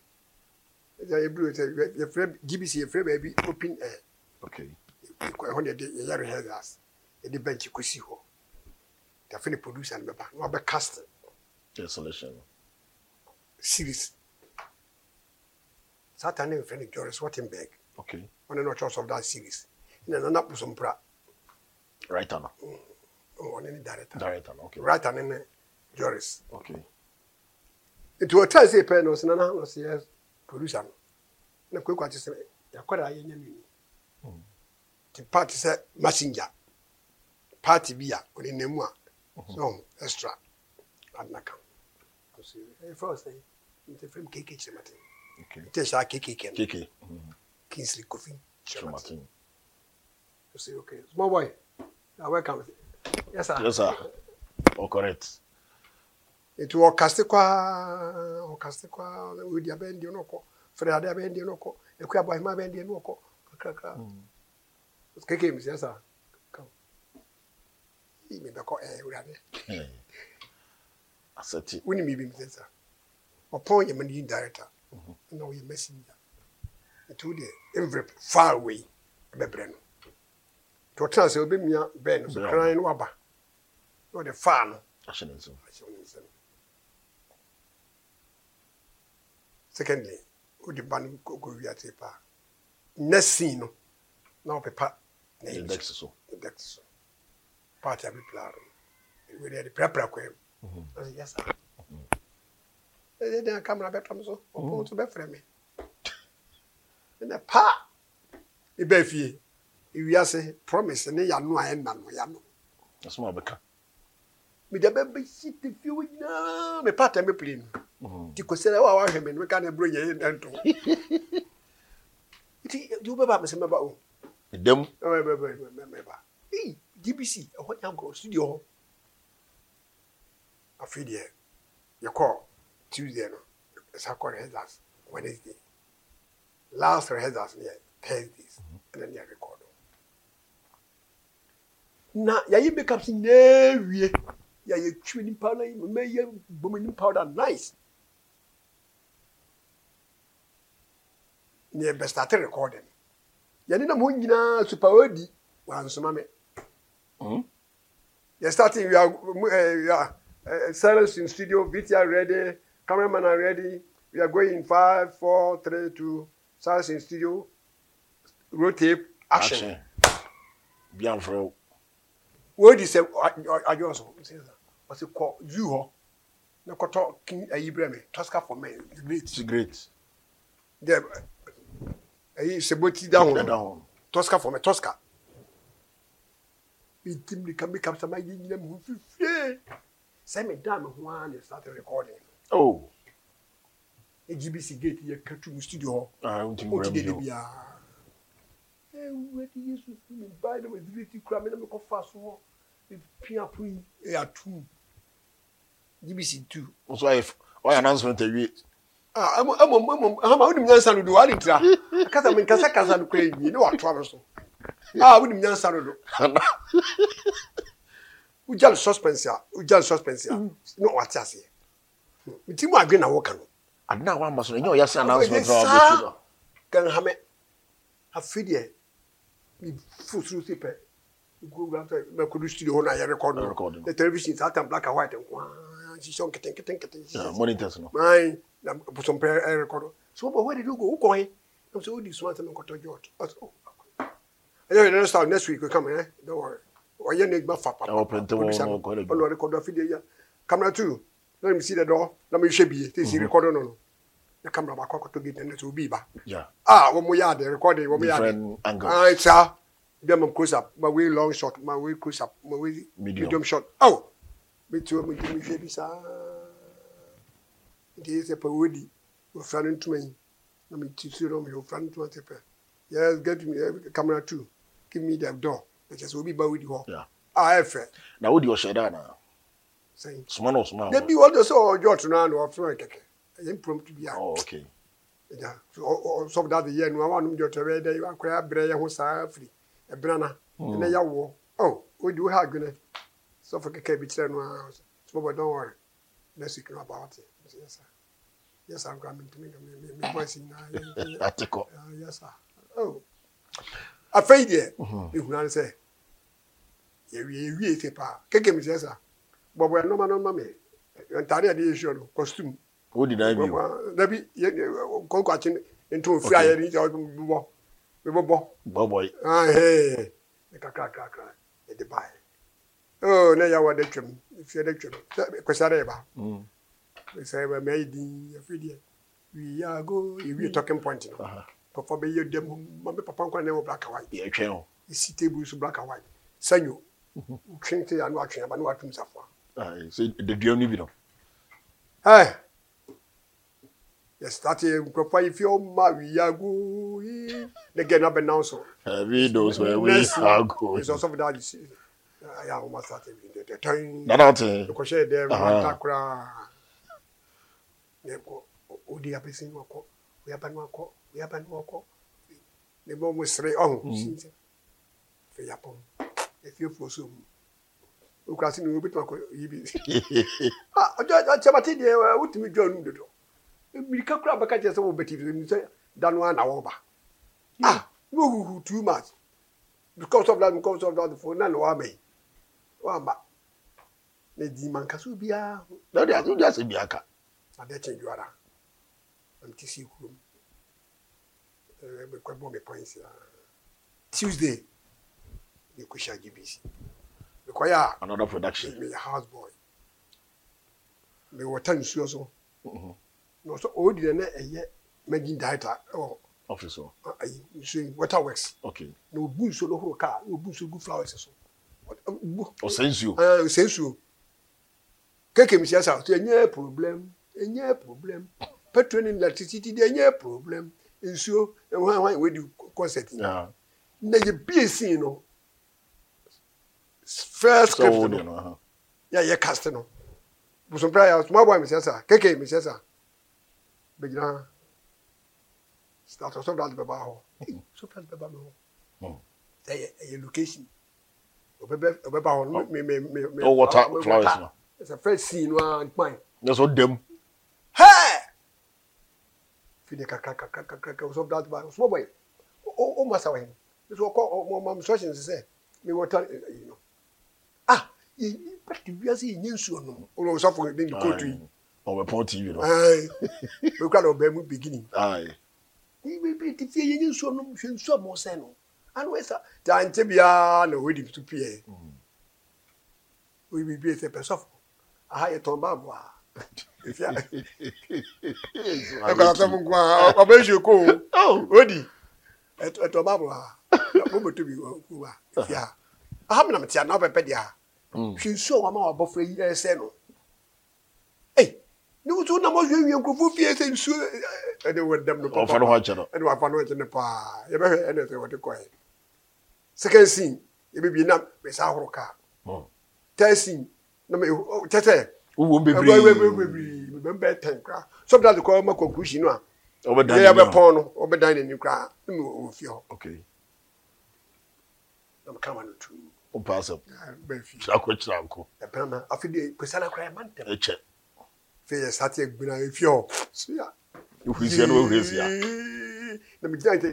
ɛsɛ yɛbiri sɛ yɛfrɛ gbc yɛfrɛ baabi open air ɛhɔ ne yɛde yɛyɛ rehearsals yɛde bench kɔsi hɔ dafine producer no bɛba na wabɛcast installation series. Saa taa ne nfɛ Joris Wattenberg. Okay. Ɔne na ɔkyerɛ of that series. Na nana Kusumpra. Writer na. Mm. Ɔne ne director. Director okay. Writer ne ne Joris. Okay. Nti wɔtaa se pɛɛ na ɔsi nana ɔsi yɛ producer no. Na kwe kwa kyesɛ yakɔda ayɛ nyɛ nini. Hmm. Nti party sɛ messenger. Party bi a ɔne nemu a. Hmm. So extra. Adnaka. Ɔsi ɛyɛ fɛ ɔsɛ yi inte fem keke chematin okay inte sa keke kenan keke mhm. kinsley kofi chematin you say ok. small boy na welcome yes sir yes sir all correct etu ɔkase kwaa ɔkase kwaa odi abɛn deɛ n'ɔkɔ fɛrɛ ade abɛn deɛ n'ɔkɔ eku abo ahima abɛn deɛ n'ɔkɔ kakrakra mhm. keke mi sɛ sa kam yi mi bɛkɔ ɛɛ eh, wura de eh. asɛti wuni mi bi mi sɛ sa ɔpɔn yɛ managing director ɛna mm-hmm. ɔyɛ messenger nti wo deɛ envelope far away ɛbɛbrɛ no nti ɔtena sɛ ɔbɛmia bɛn no so kran no waba na ɔde faa no ahyɛ ne nsam secondly wode ba no kɔwiate paa nna sii no na wɔpepa ne index so index so part a bepla no wede ɛde prapra kwam na sɛ yɛ ɛyɛ dɛn kamara bɛtɔm so ɔpɔn so bɛfrɛ me ɛnɛ paa ɛbɛ fie ewiase promise ne yanu a ɛna no yanu. ɛsoma bɛka. mede bɛbɛsi te fie wo nyinaa me part time play no nti kɔsɛrɛ wo a woahwɛ me no meka na ɛbrɛ nyɛyɛ nɛnto nti de wobɛba me sɛ mɛba o dɛm mɛba gbc ɛhɔ nyankɔ studio hɔ afei deɛ yɛkɔɔ Tuesday, no, second rehearsals, Wednesday. Last rehearsals, yeah, Thursdays, mm-hmm. and then yeah, record. Na yɛyɛ makeup si nyinaa wie yɛyɛ twi nipa na mɛyɛ bomi ni powder nice. Ne yɛ bɛ start recording. Yɛne nam hɔ nyinaa super odi wansoma mi. Mm-hmm. Yɛ starting we are, uh, we are uh, silence in studio, VTR ready. Cameraman are ready. We are going in five, four, three, two. Silence in studio. Road tape. Action. action. Bianfro. Word is a ajo so. What's it called? You ho. no. koto king Ibrahim. Tosca for men. Great. It's great. The ayi seboti down. Down. Tosca for me. Tosca. Intimly can become some ayi nyam hu fifie. Send me down who are start recording oh gbc gate yɛ ka tumu studio hɔ o ti de de bia ɛwurade yesu mi ba yi na mi diri ti kura mi na mi kɔ fa so hɔ mi pia po yi ɛyà tu gbc tu. o sọ ayɛ ɔyɛ announcement ɛwie. ah ɛmu ɛmu ɛmu ahama awo ni mi nyansa do do wa ni tira kasa mi nkasa kasa do kura yi ne wa to a bɛ so ah awo ni mi nyansa do do o jali suspense a o jali suspense a ne wa ti a seɛ ti mu adwe na wɔka no ade na wama so no ɛnyɛ ɔyɛ se announcement na wabɛtu no kan hame afei deɛ mefo soro se pɛ mɛkɔdo studio hɔ no ayɛ record no ne television saa tam black and white nkoa ah, hyehyɛ nketenketenkete monitors no man na eh, record so wobɔ where did you go wokɔ he na sɛ wodi so ansɛ menkɔtɔ george ɛyɛ yɛn next time next week we come eh don't worry ɔyɛ ne gba fa papa ɔlɔre kɔdɔ afidie ya camera two na msida dɔ na mehwɛ bie te si rekɔdo no no na kamera baakɔ akɔtɔ gate no sɛ obi ba a wɔmo yɛ ade rekɔde wɔmo yɛ ade saa bia mam close up ma wei long shot ma wei close up ma wei medium shot ao metuo mede mehwɛ bi saa nti sɛ pɛ wɔdi wɔfra no ntoma yi na meti so no mehwɛ wɔfra no ntoma sɛ pɛ yes get me uh, camera two give me the door na kyɛ sɛ obi ba wodi hɔ a ɛfɛ na wodi ɔhyɛ da anaa soma na ɔsoma da bi ɔde sɛ ɔyɛ ɔtono a na ɔfrɛ kɛkɛ ɛyɛ impromptu bi a sɔfo da de yɛ no awa nom de ɔtɔ bɛyɛ dɛ akɔyɛ abrɛ yɛ ho saa firi ɛbrɛ na ɛnɛ yɛ awoɔ ɔ ɔdi wo ha adwene sɔfo kɛkɛ bi kyerɛ no a sɔfo bɔ dɔn wɔre na sik no aba wɔte yɛ saa yɛ saa nkora mentumi me voice nyinaa atekɔ yɛ saa afei deɛ mehuna ne sɛ yɛwie yɛwie fɛ paa kɛkɛ mesɛ saa bɔbɔ yɛ nɔɔma nɔɔma mɛ ntaade yɛ de yɛ suwɛ no kɔstum. o di n'ayi bi o dabi kɔnkɔ akyi nti o fi ayɛ ni bɔ bɛ bɔ. bɔbɔ yi. ɛɛ kakra kakra ɛdi ba yɛ oo ne yawa de twɛm fiɛ de twɛm kɔsa de ba kɔsa yɛ ba mɛ ayi din afi deɛ we are go ewi mm. talking point no uh-huh. papa bɛ yɛ dɛm ma papa nkwa ne wɔ black and white. yɛ twɛn o. esi table so black and white sanyo twɛn mm-hmm. te yɛ anu atwɛn aba ne wa tum safuwa daduane bi no yɛstate nkurɔfoɔ yi fi ɔma wiago yi ne gɛ no abɛnam so ɛsɔsɔfo da uh, yɛ woma sate tɔnkɔhyɛ dɛ mata koraa ɔdi apɛsi no akɔ oyaba no akɔ oyaba no akɔ ne bɔ mo sere ɔho mm. fɛ yapɔm ɛfiefuo so mu okura si na obi tuma kɔ yi bi ah ɔjɔ ɔjɔba ti deɛ o tumi jɔ nu dodo mirika kura bɛka kyerɛ sɛ o bɛ ti fi nisɛ danu ana ba ah no huhu too much because of that because of that fo na na wa mɛ wa ma na di ma nka so biara ho. na o de ase o de ase ju ara am ti si kurom ɛɛ mɛ kɔ bɔ mi pɔnsi aa tuesday mi kɔ si mekɔyɛ a another production meyɛ house boy mewɔta nsuo so mm-hmm. oh, na ɔsɛ ɔdi na na ɛyɛ managing director ɛwɔ office hɔ oh. ayi ah, eh, nsuo yi water works okay na obu nsuo no horo kaa na obu nsuo gu flowers eh, so ɔsɛ um, oh, nsuo ɛɛ eh, ɔsɛ nsuo keke mi si asa ɔsɛ ɛnyɛ problem ɛnyɛ problem petrol and electricity deɛ ɛnyɛ problem nsuo ɛwɔ hàn hàn wɛdi concert na yɛ bie sin no first script no yɛyɛ cast no bosompra yɛ soma boy mesia saa keke mesia saa bɛgyina statosofo dade bɛba hɔ sofo dade bɛba me hɔ ɛyɛ ɛyɛ location ɔbɛbɛ ɔbɛba hɔ no me me me me ɔwɔta flowers no ɛsɛ first scene no a nkpan ne so dɛm hɛɛ fide kakra kakra kakra sofo dade bɛba soma boy o o masa wɔ hɛn nso ɔkɔ ɔmɔ mɔ sɔsin sisɛ mi wɔ ta ɛyɛ no pati wiase yɛ nye nsuo nom ɔlɔ ɔsɔfo ne ne kootu yi ɔbɛ pɔn tv no ɛɛ ɔkura na ɔbɛn mu bikini ɛɛ ibi bi ti fie yɛ nye nsuo nom hwɛ nsuo mɔ sɛn no anu ɛsa tante biara na ɔyɛ di tu pie oyibi bi ɛsɛ pɛsɔfo aha yɛ tɔn baabu a efia ɛkɔla sɔfo nko a ɔbɛ nsuo ko o odi ɛtɔn baabu a ɔbɛ tobi ɔkuwa efia aha mi na mi ti a na ɔbɛ pɛ di a hwee nsuo wɔn a wɔabɔfra yi ɛsɛ no ɛy ne nso nam ɔhwɛhwɛ nkurɔfoɔ fie eh, sɛ nsuo ɛde eh, eh, wɔdam no papa ɔfa no ɛde wɔafa no hɔ akyɛ paa yɛbɛhwɛ ɛna ɛsɛ wɔde kɔɛ second scene yɛbɛbie nam bɛsa ahoro kaa mm. third scene na ma ɛhu kyɛ sɛ wɔn bebree bebree bɛn bɛɛ tɛn koraa sɔbita de kɔ ɔma conclusion no a yɛyɛ bɛpɔn no ɔbɛdan n'anim koraa ne mu wɔ fie hɔ na kama no tuu wopɛ asɛm kyerɛkɔ kyerɛ nko ɛkyɛ fɛ yɛ sate agbina ɛfie hɔ wohurisia no wohurisia na megyina nkyɛ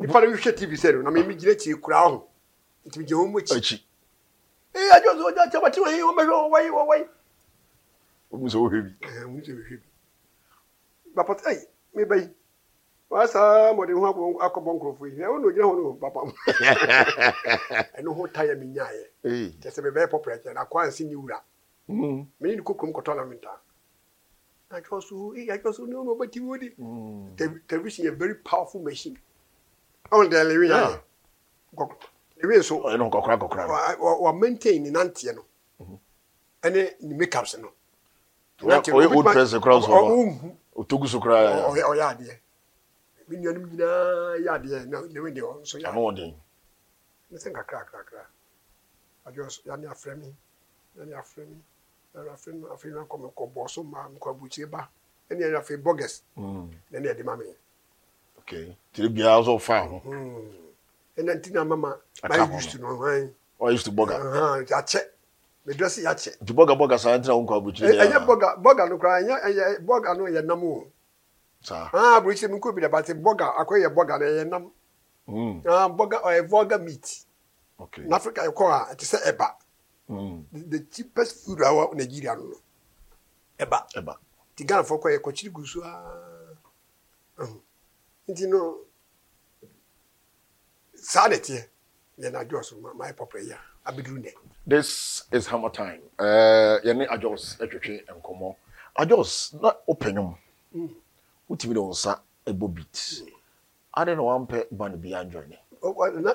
nipa no wohwɛ tv sɛ no na memegyina kyiri koraa ho nti megyina hɔ mu akyi ee adwo so ɔgya kyɛ wɔkye wɔyi wɔmɛhwɛ wɔwayi wɔwayi wohu sɛ wohwɛ bi bapɔtɛ ai mebɛyi wasa mɔden ho akɔbɔ nkurɔfoɔ yi ɛwo na ogyina hɔ no papam ɛno ho tayɛ menyaeɛ kyɛ sɛ mebɛyɛ pɔprɛkyɛ na akɔ ansi ne wura mene ne kɔkurom kɔtɔ na menta atwɔ so atwɔ so ne ɔno ɔbɛtimi wo di television yɛ very powerful machine ɔn dɛ lewi yɛ lewi so ɛno nkɔkora nkɔkora no wa maintain ne nanteɛ no ɛne mm-hmm. ne makeups no ɔyɛ old person koraa nso hɔ ɔtogu so koraa ɔyɛ adeɛ E, me nuanom nyinaa yɛ adeɛ na lewi deɛ ɔno nso yɛ ano ɔden ne sɛ nkakra kakra adwo so yɛne afrɛ me yɛne afrɛ me yɛne afrɛ me afei na nkɔ mekɔ bɔ so ma mekɔ abukyire ba ɛne yɛne afei bɔgɛs na ne yɛde ma me okay tiri biara nso fa ho ɛna hmm. nti e na mama mayɛ e used to no hwan ɔ used to bɔga akyɛ medrɛ se yɛakyɛ nti bɔga bɔga saa ntina wo nkɔ abukyire ɛyɛ bɔga bɔga no koraa ɛnyɛ bɔga no yɛ nam o saa mu nkobi dabate burger akɔyɛ burger na ɛyɛ nam burger ɔyɛ burger meat n'afrika ɛkɔ a ɛte sɛ ɛba the cheapest food awɔ nigeria no ɛba ti ghana fɔ kɔyɛ kɔkyiri gu so aa nti no saa de teɛ yɛn na adwo so maa yɛ pɔpɔ yi abiduru nɛ. this is hammer time ɛɛ yɛn ni adjos ɛtwitwi nkɔmɔ adjos na o pɛ wotumi de wo nsa ɛbɔ beat ade na wampɛ ban bi anjoin ne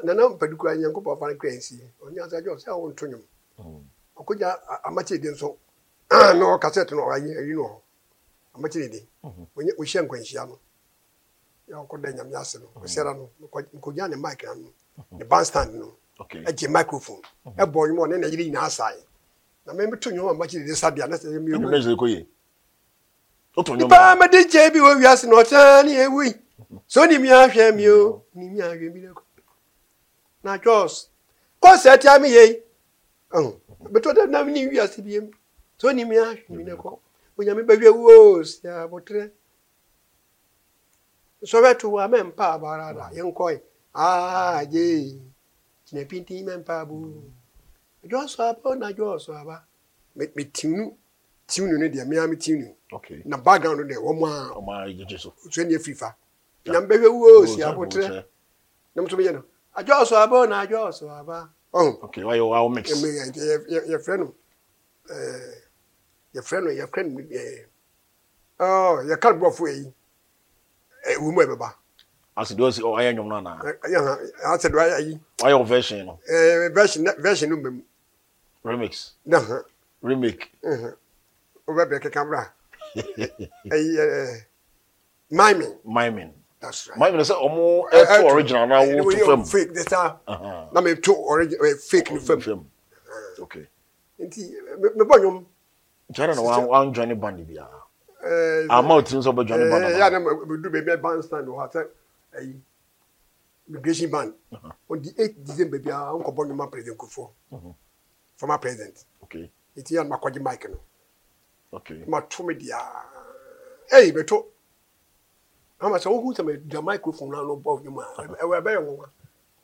nana mpɛdi kura nyankopɔn afa no kra nsi ɔnyɛ asɛ agye ɔsɛ a wonto nwom mm. ɔkɔgya amakyerɛde nso na ɔkasɛte no ɔayi ayi no hɔ amakyerɛde ɔhyɛ mm-hmm. nkwanhyia no ɔkɔda nyame ase no mm-hmm. ɔsɛra no nkɔgya ne mike na mm-hmm. ne bandstand no agye microphone ɛbɔ nwom ɔne na yere nyinaa asae na memɛto nwom amakyerɛde sadea na sɛ nipa mede nkyɛ bi wɔ wiase na ɔkyɛn ne ɛwu yi so nim ahwɛ mi o nim ahwɛ mi dɛkɔ na jos kɔɔsi ɛtia mi yɛ yi ɔn bɛtɔ dɛ nam ne wiase bi yɛ mu so nim ahwɛ mi dɛkɔ onyame bɛhwɛ wo si abotrɛ sɔbɛto wa mɛ mpa abara da yɛ nkɔ yi aaye gyina pinti mɛ mpa abo jos aba na jos aba mɛ tiwunu tiwunu ne deɛ mɛ ami tiwunu na background deɛ wɔn a nsuo ni efiri fa na mbɛhwɛ wuo si abotire na muso bɛyɛ no adjɔɔso aba na adjɔɔso aba ɔn oh. oh. okay wayɛ wawo mix yɛ yɛ yɛfrɛ no eh, ɛɛ yɛfrɛ no yɛfrɛ no eh, oh, ɛɛ ɔɔ yɛka borɔfo yi ɛɛ eh, wɔn mu ɛbɛba. asidi osi ɔ ayɛ nyɔmu nana. asidi ayɛ ayi. wayɛ o version no. ɛɛ version version no mbɛ mu. remix. remake. o mm-hmm. bɛ bɛn kankan wura miming. miming. that's right. miming sɛ ɔmo ɛto original na wo to fam. fake de saa na mi to original fake ni fam. okay. nti mi bɔ nyom. nkyɛn na wa wa n join band bi aa. ama o ti n sɔ bɛ join band. ɛɛ yanni mi du bɛ bɛ band stand wa sɛ ɛyi migration band on the eight december bi aa n kɔ bɔ nyoma president ko fɔ former president. okay. nti yanni ma kɔji mic no okay. mato me deɛ ɛyi bɛto ama sɛ wohu sɛ meda microphone no bɔ dwuma ɛwɔ ɛbɛyɛ nwowa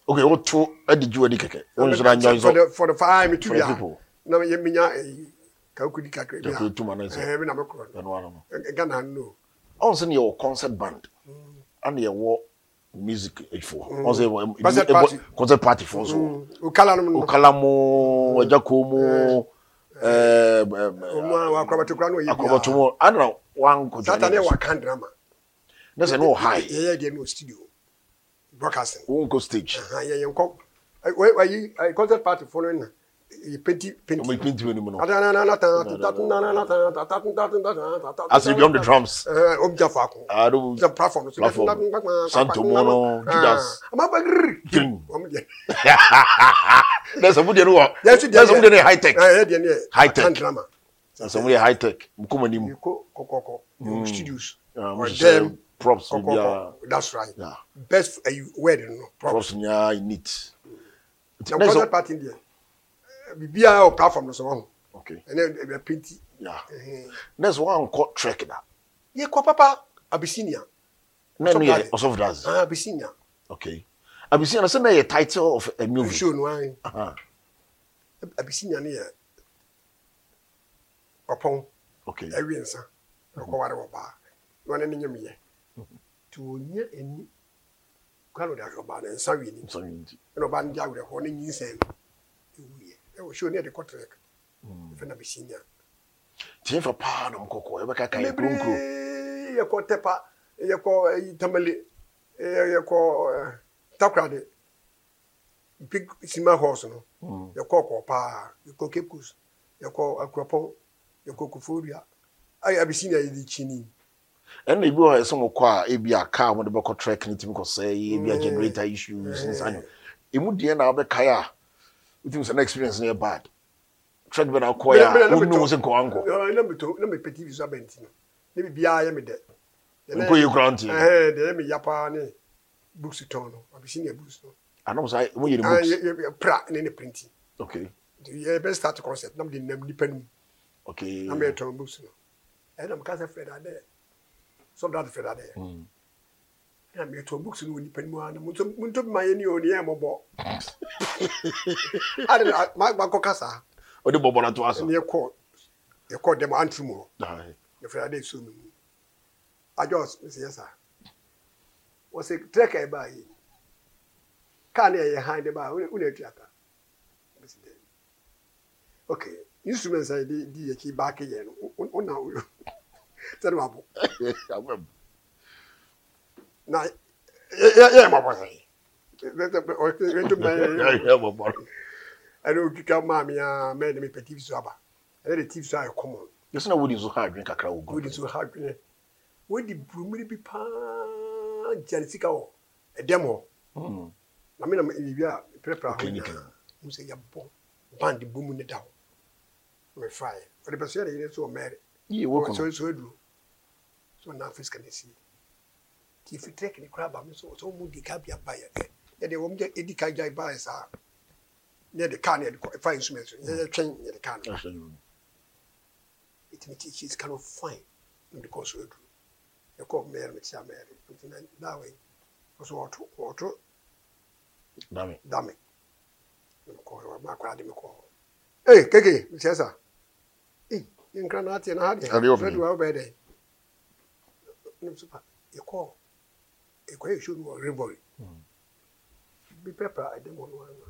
ok woto ade gyi wadi kɛkɛ wonsra nya nsɔ for the five metu eh, ah. bia eh, na meyɛ menya ɛyi kakudi kakra biamena mekorɔ ghana no ɔn sɛ ne yɛwɔ concert band ana mm. yɛwɔ music ɛfoɔ ɔn sɛ concert party foɔ so mm. okala no okala mo agya kɔɔ mu mm akɔbɔtokura eh, n'oye bi a akɔbɔtomo ana wankoto sata ne wa kan drama ne sɛ ne wɔ no studio broadcasting wɔn nko stage yɛyɛ nkɔ wayi concert party following as you drum the drums. o bi ja fa kun. a do ja platform. platform santo mɔnɔ ah, judas. a ma ba giri. giri. o mi jɛ. dɛsɛ mu diɛ ni wɔ. dɛsɛ mu diɛ ni high tech. ɛɛ diɛ ni high tech dɛsɛ mu diɛ high tech mu ni mu. ko hmm. studios. Ah, or dem props bi that's right best eh, word no props. props nyaa neat. na concert party diɛ biribiara wɔ platform no so wɔn okay ɛnna ɛbɛ penti. yeah next one kɔ trek da. yɛ kɔ papa abisinia. ne ne yɛ ɔsɔfo daze. ah abisinia. okay abisinia na sɛ na yɛ title of a movie. show no an. abisinia ni yɛ ɔpɔn. okay ɛwi nsa ɔkɔware wɔ baa wɔn ne nyɛ miyɛ tí o nyɛ ani kwan o de ahwɛ ɔbaa ne nsa wi ni nsa wi ni ɛna awurɛ hɔ ne nyinsɛn no. ɛwɔ show ne yɛde kɔ trek fɛ na mesi nya tiɛ fɛ paa na ɔnkɔkɔ yɛbɛka ka yɛ kuromkuro yɛkɔ tɛpa yɛkɔ tamale eh, yɛkɔ eh, takorade big sima horse no hmm. yɛkɔ kɔ paa yɛkɔ cape coast yɛkɔ akuropɔn yɛkɔ koforia ayɛ abisinia yɛde kyini ɛnna ebi wɔ hɔ ɛsɛ mo kɔ a ebi a kaa mo bɛkɔ trek ne timi kɔ sɛ ebi a generator issues eh. nsa no emu deɛ na ɔbɛkae a wotim sɛ na experience no yɛ bad trade bɛn akɔ a wonu wo sɛ nkɔ wankɔ na mepɛti bi so abɛnti no ne biribiaa yɛ me dɛ nkɔ yɛ kura nti deɛ yɛ me ya paa ne books tɔn no abisinia books no anam saa mo yɛ ne books pra ne ne printing okay yɛ bɛ start concept na mo nam nipa no mu okay na mo yɛ tɔn books no ɛnna mo kasa fɛ daadɛ sɔmi daadɛ fɛ daadɛ na mmetɔ books no wɔ nipa no mu a montɔ bi ma yɛ o ɔne yɛ mmɔbɔ ade makɔ ka saa ɔde bɔbɔ no to aso ne yɛkɔ yɛkɔ dɛm antre mu hɔ yɛfrɛ ade so no mu adwɔs mesɛ yɛ saa wɔsɛ trɛk a ɛbaa yi kaa ne ɛyɛ han de baa wona atua ka ok instruments a yɛde di yɛkyi baake yɛ no wona sɛne wabɔ na yɛyɛ mɔbɔsɛ ɛne otwitwa maa me a mɛde mepɛ tv so aba ɛne de tv so ayɛ common yɛsɛ na wodi so ha adwene kakra wɔ wodi so ha adwene wodi burumiri bi paa gyane sika wɔ ɛdɛm hɔ na menam ɛwiwi a prɛprɛ ho mu sɛ yɛbɔ band bɔ mu ne da hɔ mefaeɛ ɔde pɛ so yɛde yere so wɔ mɛre so aduro so na afisika ne sie nti fitire kiri kura ba mi so so mu di ka bia ba yɛ dɛ yɛ de wɔn yɛ di ka gya ba yɛ saa yɛ de kaa na yɛ de kɔ fa instrument so yɛ de twɛn yɛ de kaa na ah, it mean she is kind of fine in the course of the yɛ kɔ mɛri mi ti a mɛri nti na daawa yi ɔso ɔto ɔto dami dami kɔ ɔ ma kɔ adi mi kɔ ee keke mi sɛ sa ee nkira na ati na ha deɛ fɛn do wa dɛ ne bi so pa yɛ ɛkɔyɛ show no wɔ rebɔre bi pɛpra ɛde wɔ no ano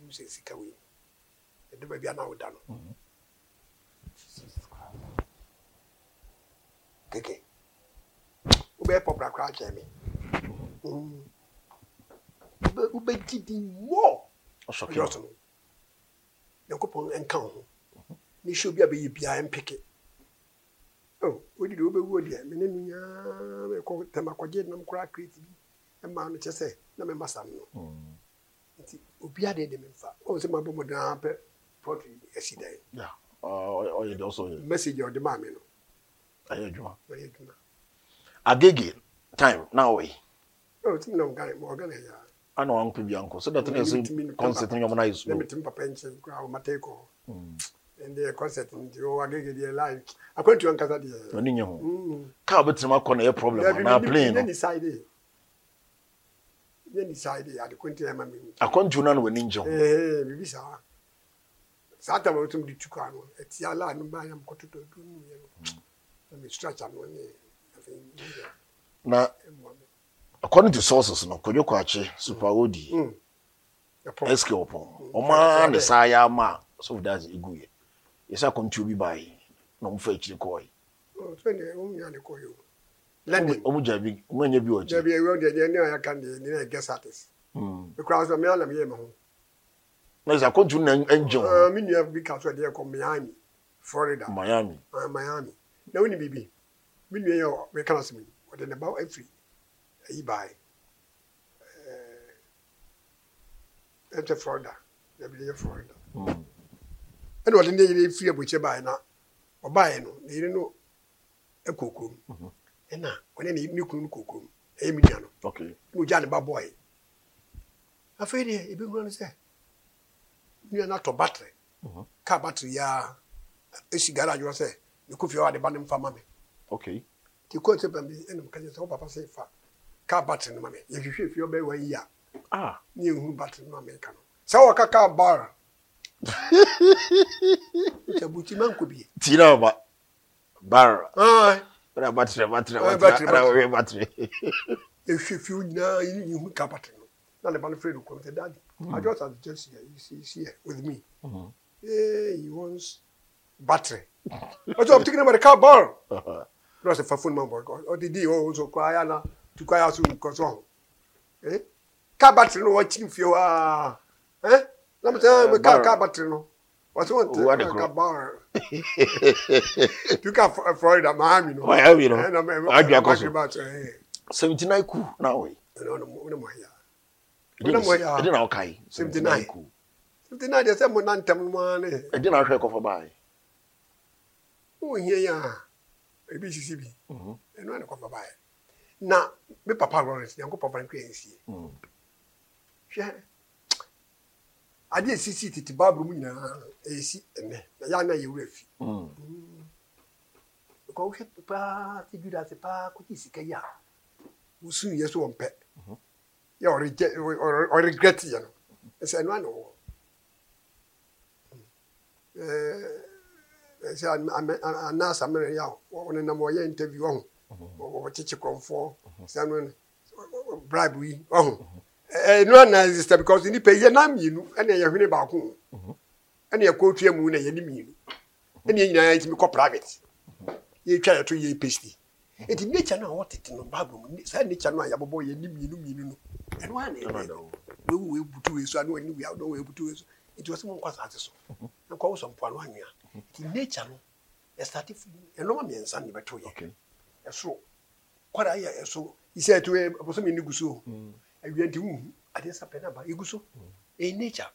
mu sɛ sika wei ɛde baabi ana woda no keke wobɛyɛ be koraa kyɛn me wobɛgyi din wɔ ɔyɛ ɔso no nyankopɔn ɛnka wo ho ne hyɛ obi a bɛyɛ biaa mpeke wodide wobɛwuo deɛ mene no nyaa mekɔ tɛm akɔgye nam koraa kreti bi mmaa no kyɛ sɛ na mema sam no nti obia de de memfa ɔhu sɛ mabɔ mu daa pɛ prɔto asi dan ɔyɛ deɛ ɔsɔ yɛ message a ɔde maa me no ɛyɛ adwuma ɛyɛ adwuma agege time na ɔyɛ ɔtumi na ɔgane ma ɔgane yɛ ana wankɔ bi ankɔ so dɛtene ɛsɛ kɔnsɛtene nwɔm no ayɛ suro na metumi papa nkyɛn koraa ɔmatɛkɔ ɛndeɛ concert nti wɔwɔ agege deɛ live akwantu ankasa deɛ. ɔni nye ho kaa bɛtɛnɛm akɔ na problem na plane no. ne ni side ne ni side ade kwantu ɛma mi. akwantu na na wɔ ni nye ho. ɛɛ eh, eh, bibi saa saa tam a wotum de tu kwan no ɛti ala anu ba yam kɔtɔ tɔ du nu yɛ no na mi stretch ano ne eh, according to sources no kodwo kwakye super odi ɛsikɛ wɔpɔn ɔmaa ne saa yɛ ama so that's egu yɛsɛ akɔntuo bi baeɛ na ɔmfa akyiri kɔɔe ɔmu gya bi ɔmanya bi wɔkyi na sɛ akɔntuo no na ɛngye ho eh, me nua bi ka so deɛ kɔ miami florida miami uh, miami na wone biribi me nua yɛ meka no sɛm yi ɔde ne ba afiri ayi baeɛ eh, ɛntɛ florida na bideyɛ florida mm. ɛna ɔde ne yere firi na ɔbaeɛ no ne yere no kɔ kurom mhm. ɛna ɔne ne ne kunu no kɔ kurom ɛyɛ me nua no ɛna ogya ne ba bɔɔe afei deɛ no sɛ nua no atɔ batere mhm. kaa batere ɛsi gara sɛ ba ne mfa ma me nti sɛ ɛna sɛ wo papa sɛ fa kaa batere no ma me yɛhwehwɛ fie ɔbɛyɛ wa yi a ah. ne batere no ma ka. no sɛ wɔka jabuti man ko biye tira ba bar ara batire batire batire ara we batire e hwe fi nyina yin yin hu ka batire no na le ban fredo ko te dadi i just had just here you see see here with me mm -hmm. hey he wants batire what you talking about the car bar no se fa phone man boy o di di o so kwa ya na tu kwa ya so ko so eh ka batire no wa chin fi wa eh Let me tell you, uh, we can't car battery no. What's one thing? bar? You can't Florida, Miami no. Miami no. And I'm I'm talking about seventy nine ku now we. Eh? No no no mo ya. No mo ya. Ede na okai. Seventy nine ku. Seventy nine dey say mo na ntem mo ne. Ede na hwe kofa bai. O hie ya. Ebi sisi bi. Mhm. Eno na kofa bai. Na me papa Lawrence, nyankopɔ ban kwe nsie. Mhm. Hwe ade a esisi tete baabulu mu nyinaa esi ɛnɛ na yaa na yɛwura fi. kò hwɛ paa ti juda ase paa kò ti sika yia wosu yɛ so wɔn pɛ yɛ ɔregye ɔregret yɛ no ɛsɛ ɛnua mm. eh, na wɔ ɛɛ ɛsɛ anaasa mɛrɛ yia ɔnenam ɔyɛ interview ɔho ɔkyekyɛ kɔnfɔ sɛ ɛnu bribe yi ɔho ɛnu ana exista because nipa yɛ nan mienu ɛna yɛ hwene baako mhm. ɛna yɛ kɔ otua mu na yɛ ne mienu mhm. ɛna yɛ nyinaa yɛtumi kɔ private mhm. yɛ twa yɛ to yɛ pesti eti nature no a wɔtete no baabu mu saa nature no a yɛbɔbɔ yɛ ne mienu mienu no ɛnu ana yɛ dɛ wewu wo ebutu wo esu anu ani wia ɔdɔ wo ebutu wo esu eti wɔsi mu nkɔ asase so nkɔ wosɔ mpoano anwia eti nature no ɛsate fi ɛnɔma mmiɛnsa ne bɛto yɛ ɛsoro kɔda yɛ ɛsoro isɛ ɛto yɛ ɛbɔsɔmi ni gu so. Mm awia di wuhu adeɛ nsa pɛ n'aba egu so ɛyɛ mm. e nature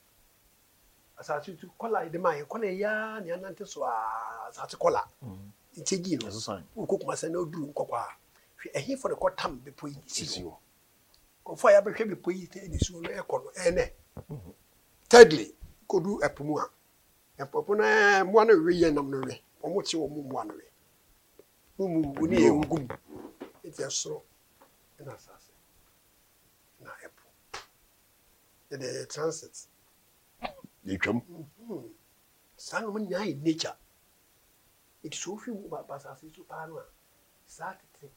asase tu kɔla yɛ dɛmɛ a kɔla yɛ e yaa ni anante so aa asase kɔla nkyɛn mm. e gyi no nko kuma sɛ na oduru nkɔkɔ a hwɛ ɛhin fɔ ne kɔ tam bepɔ yi si hɔ kɔfɔ a yabɛhwɛ bepɔ yi tɛ nisuo no ɛkɔ no ɛnɛ mm-hmm. thirdly kodu ɛpo mu a ɛpo no ɛɛ mmoa no wɛ yɛ nam no wɛ wɔn ti wɔn mu mmoa no wɛ mu mu mu ne ngum ɛti ɛsoro ɛna saa. yɛde yɛ transit yɛtwam mm-hmm. saa noma nyinaa in nature ɛti sɛ wofi mu ba asase so paa no a saa tete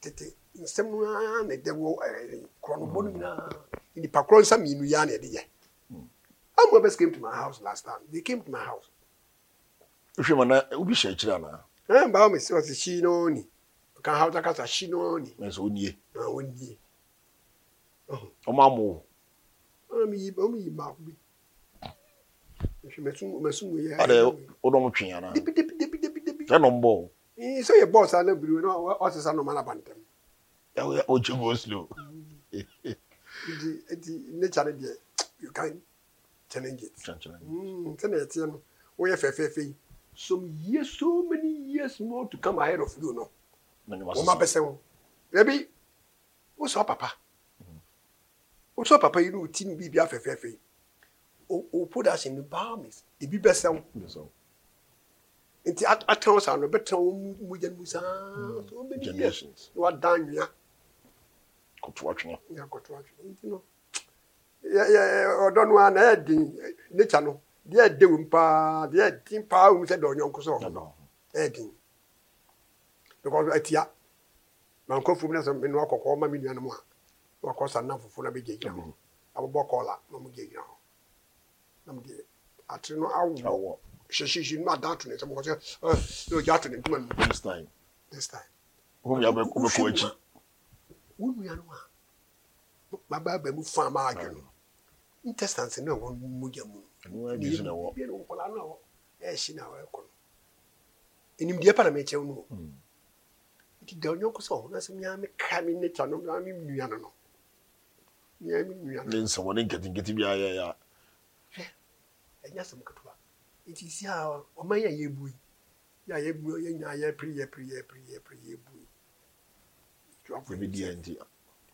tete nsɛm no ara na ɛdɛ wɔ eh, korɔnobɔ no nyinaa nnipa korɔ nsa mmienu yi ara na ɛde yɛ how my best came to my house last time they came to my house. If you wohwɛ ma na wobi hyɛ akyiri anaa ɛn baa mi sɛ ɔsɛ hyi na ɔni ɔka ha wotaka sa hyi na ɔni. na sɛ ɔnie. na ɔnie ɔmo amo wo. ɔmo yi ɔmo yi baako bi mɛsum mɛsum wo yɛ. ɔdɛ o dɔn mo twɛn yàrá. depi depi depi depi depi. sɛ nɔ n bɔ o. ee sɛ yɛ bɔl sa ne biri o ɔsi sa nɔɔma laba ntɛm. ɛ o jɛ b'o slow. nti nti ne kyare deɛ you can challenge it. sɛ na yɛ tiɛ no o yɛ fɛfɛɛfɛ yi some years so many years more to come ahead of you no. wɔn ma bɛsɛn o. ebi o sɔ papa wotɔ papa yi ne oti ne biribi afɛfɛɛfɛ o production ne baa mi ebi bɛ sɛn nti atɛn saa no bɛtɛn wɔn mu gya mu saa so wɔn bɛ di yɛ na wa dan nwia kɔtɔ atwene ya kɔtɔ atwene nti no yɛ yɛ ɔdɔ no a na yɛ den nature no deɛ ɛde wɔm paa deɛ ɛden paa wɔm sɛ dɔ ɔnyɔnko sɔrɔ ɛyɛ den because ɛtia mankɔ fom na sɛ menua kɔkɔɔ ma mi nua no mu a wɔkɔ sa nam fufuo na bɛ gyinagyina hɔ abobɔ kɔɔla na ɔmo gyinagyina hɔ nam deɛ atere no awɔ hyehyehye no ada ato ne nsɛm kɔsɛ ɛ eh, ɛ ɔgya ato ne ntoma mu. this time this time. wɔn yà bɛ kó bɛ kó akyi. wɔn nua no a baba bɛ mu fan maa adwo no intestance náà wɔn mu gya mu. ɛnu ɛdi si na wɔ. ebi ɛni nkɔla na wɔ ɛɛsi na wɔ ɛkɔ no enimdiɛ pa na mɛ kyɛw no. Hmm. nti da ɔnyɔnko sɛ ɔhun asɛm yaa mi ka mi ne ta no mi nua no no ne nsɛmɔ ne nketenkete bi ayɛ ya ɛnyɛ asɛm ketewa nti si a ɔman yɛ yɛbu yi yɛ a yɛ nyinaa yɛ piri yɛ piri yɛ piri yɛ piri yɛbu yi di yɛ nti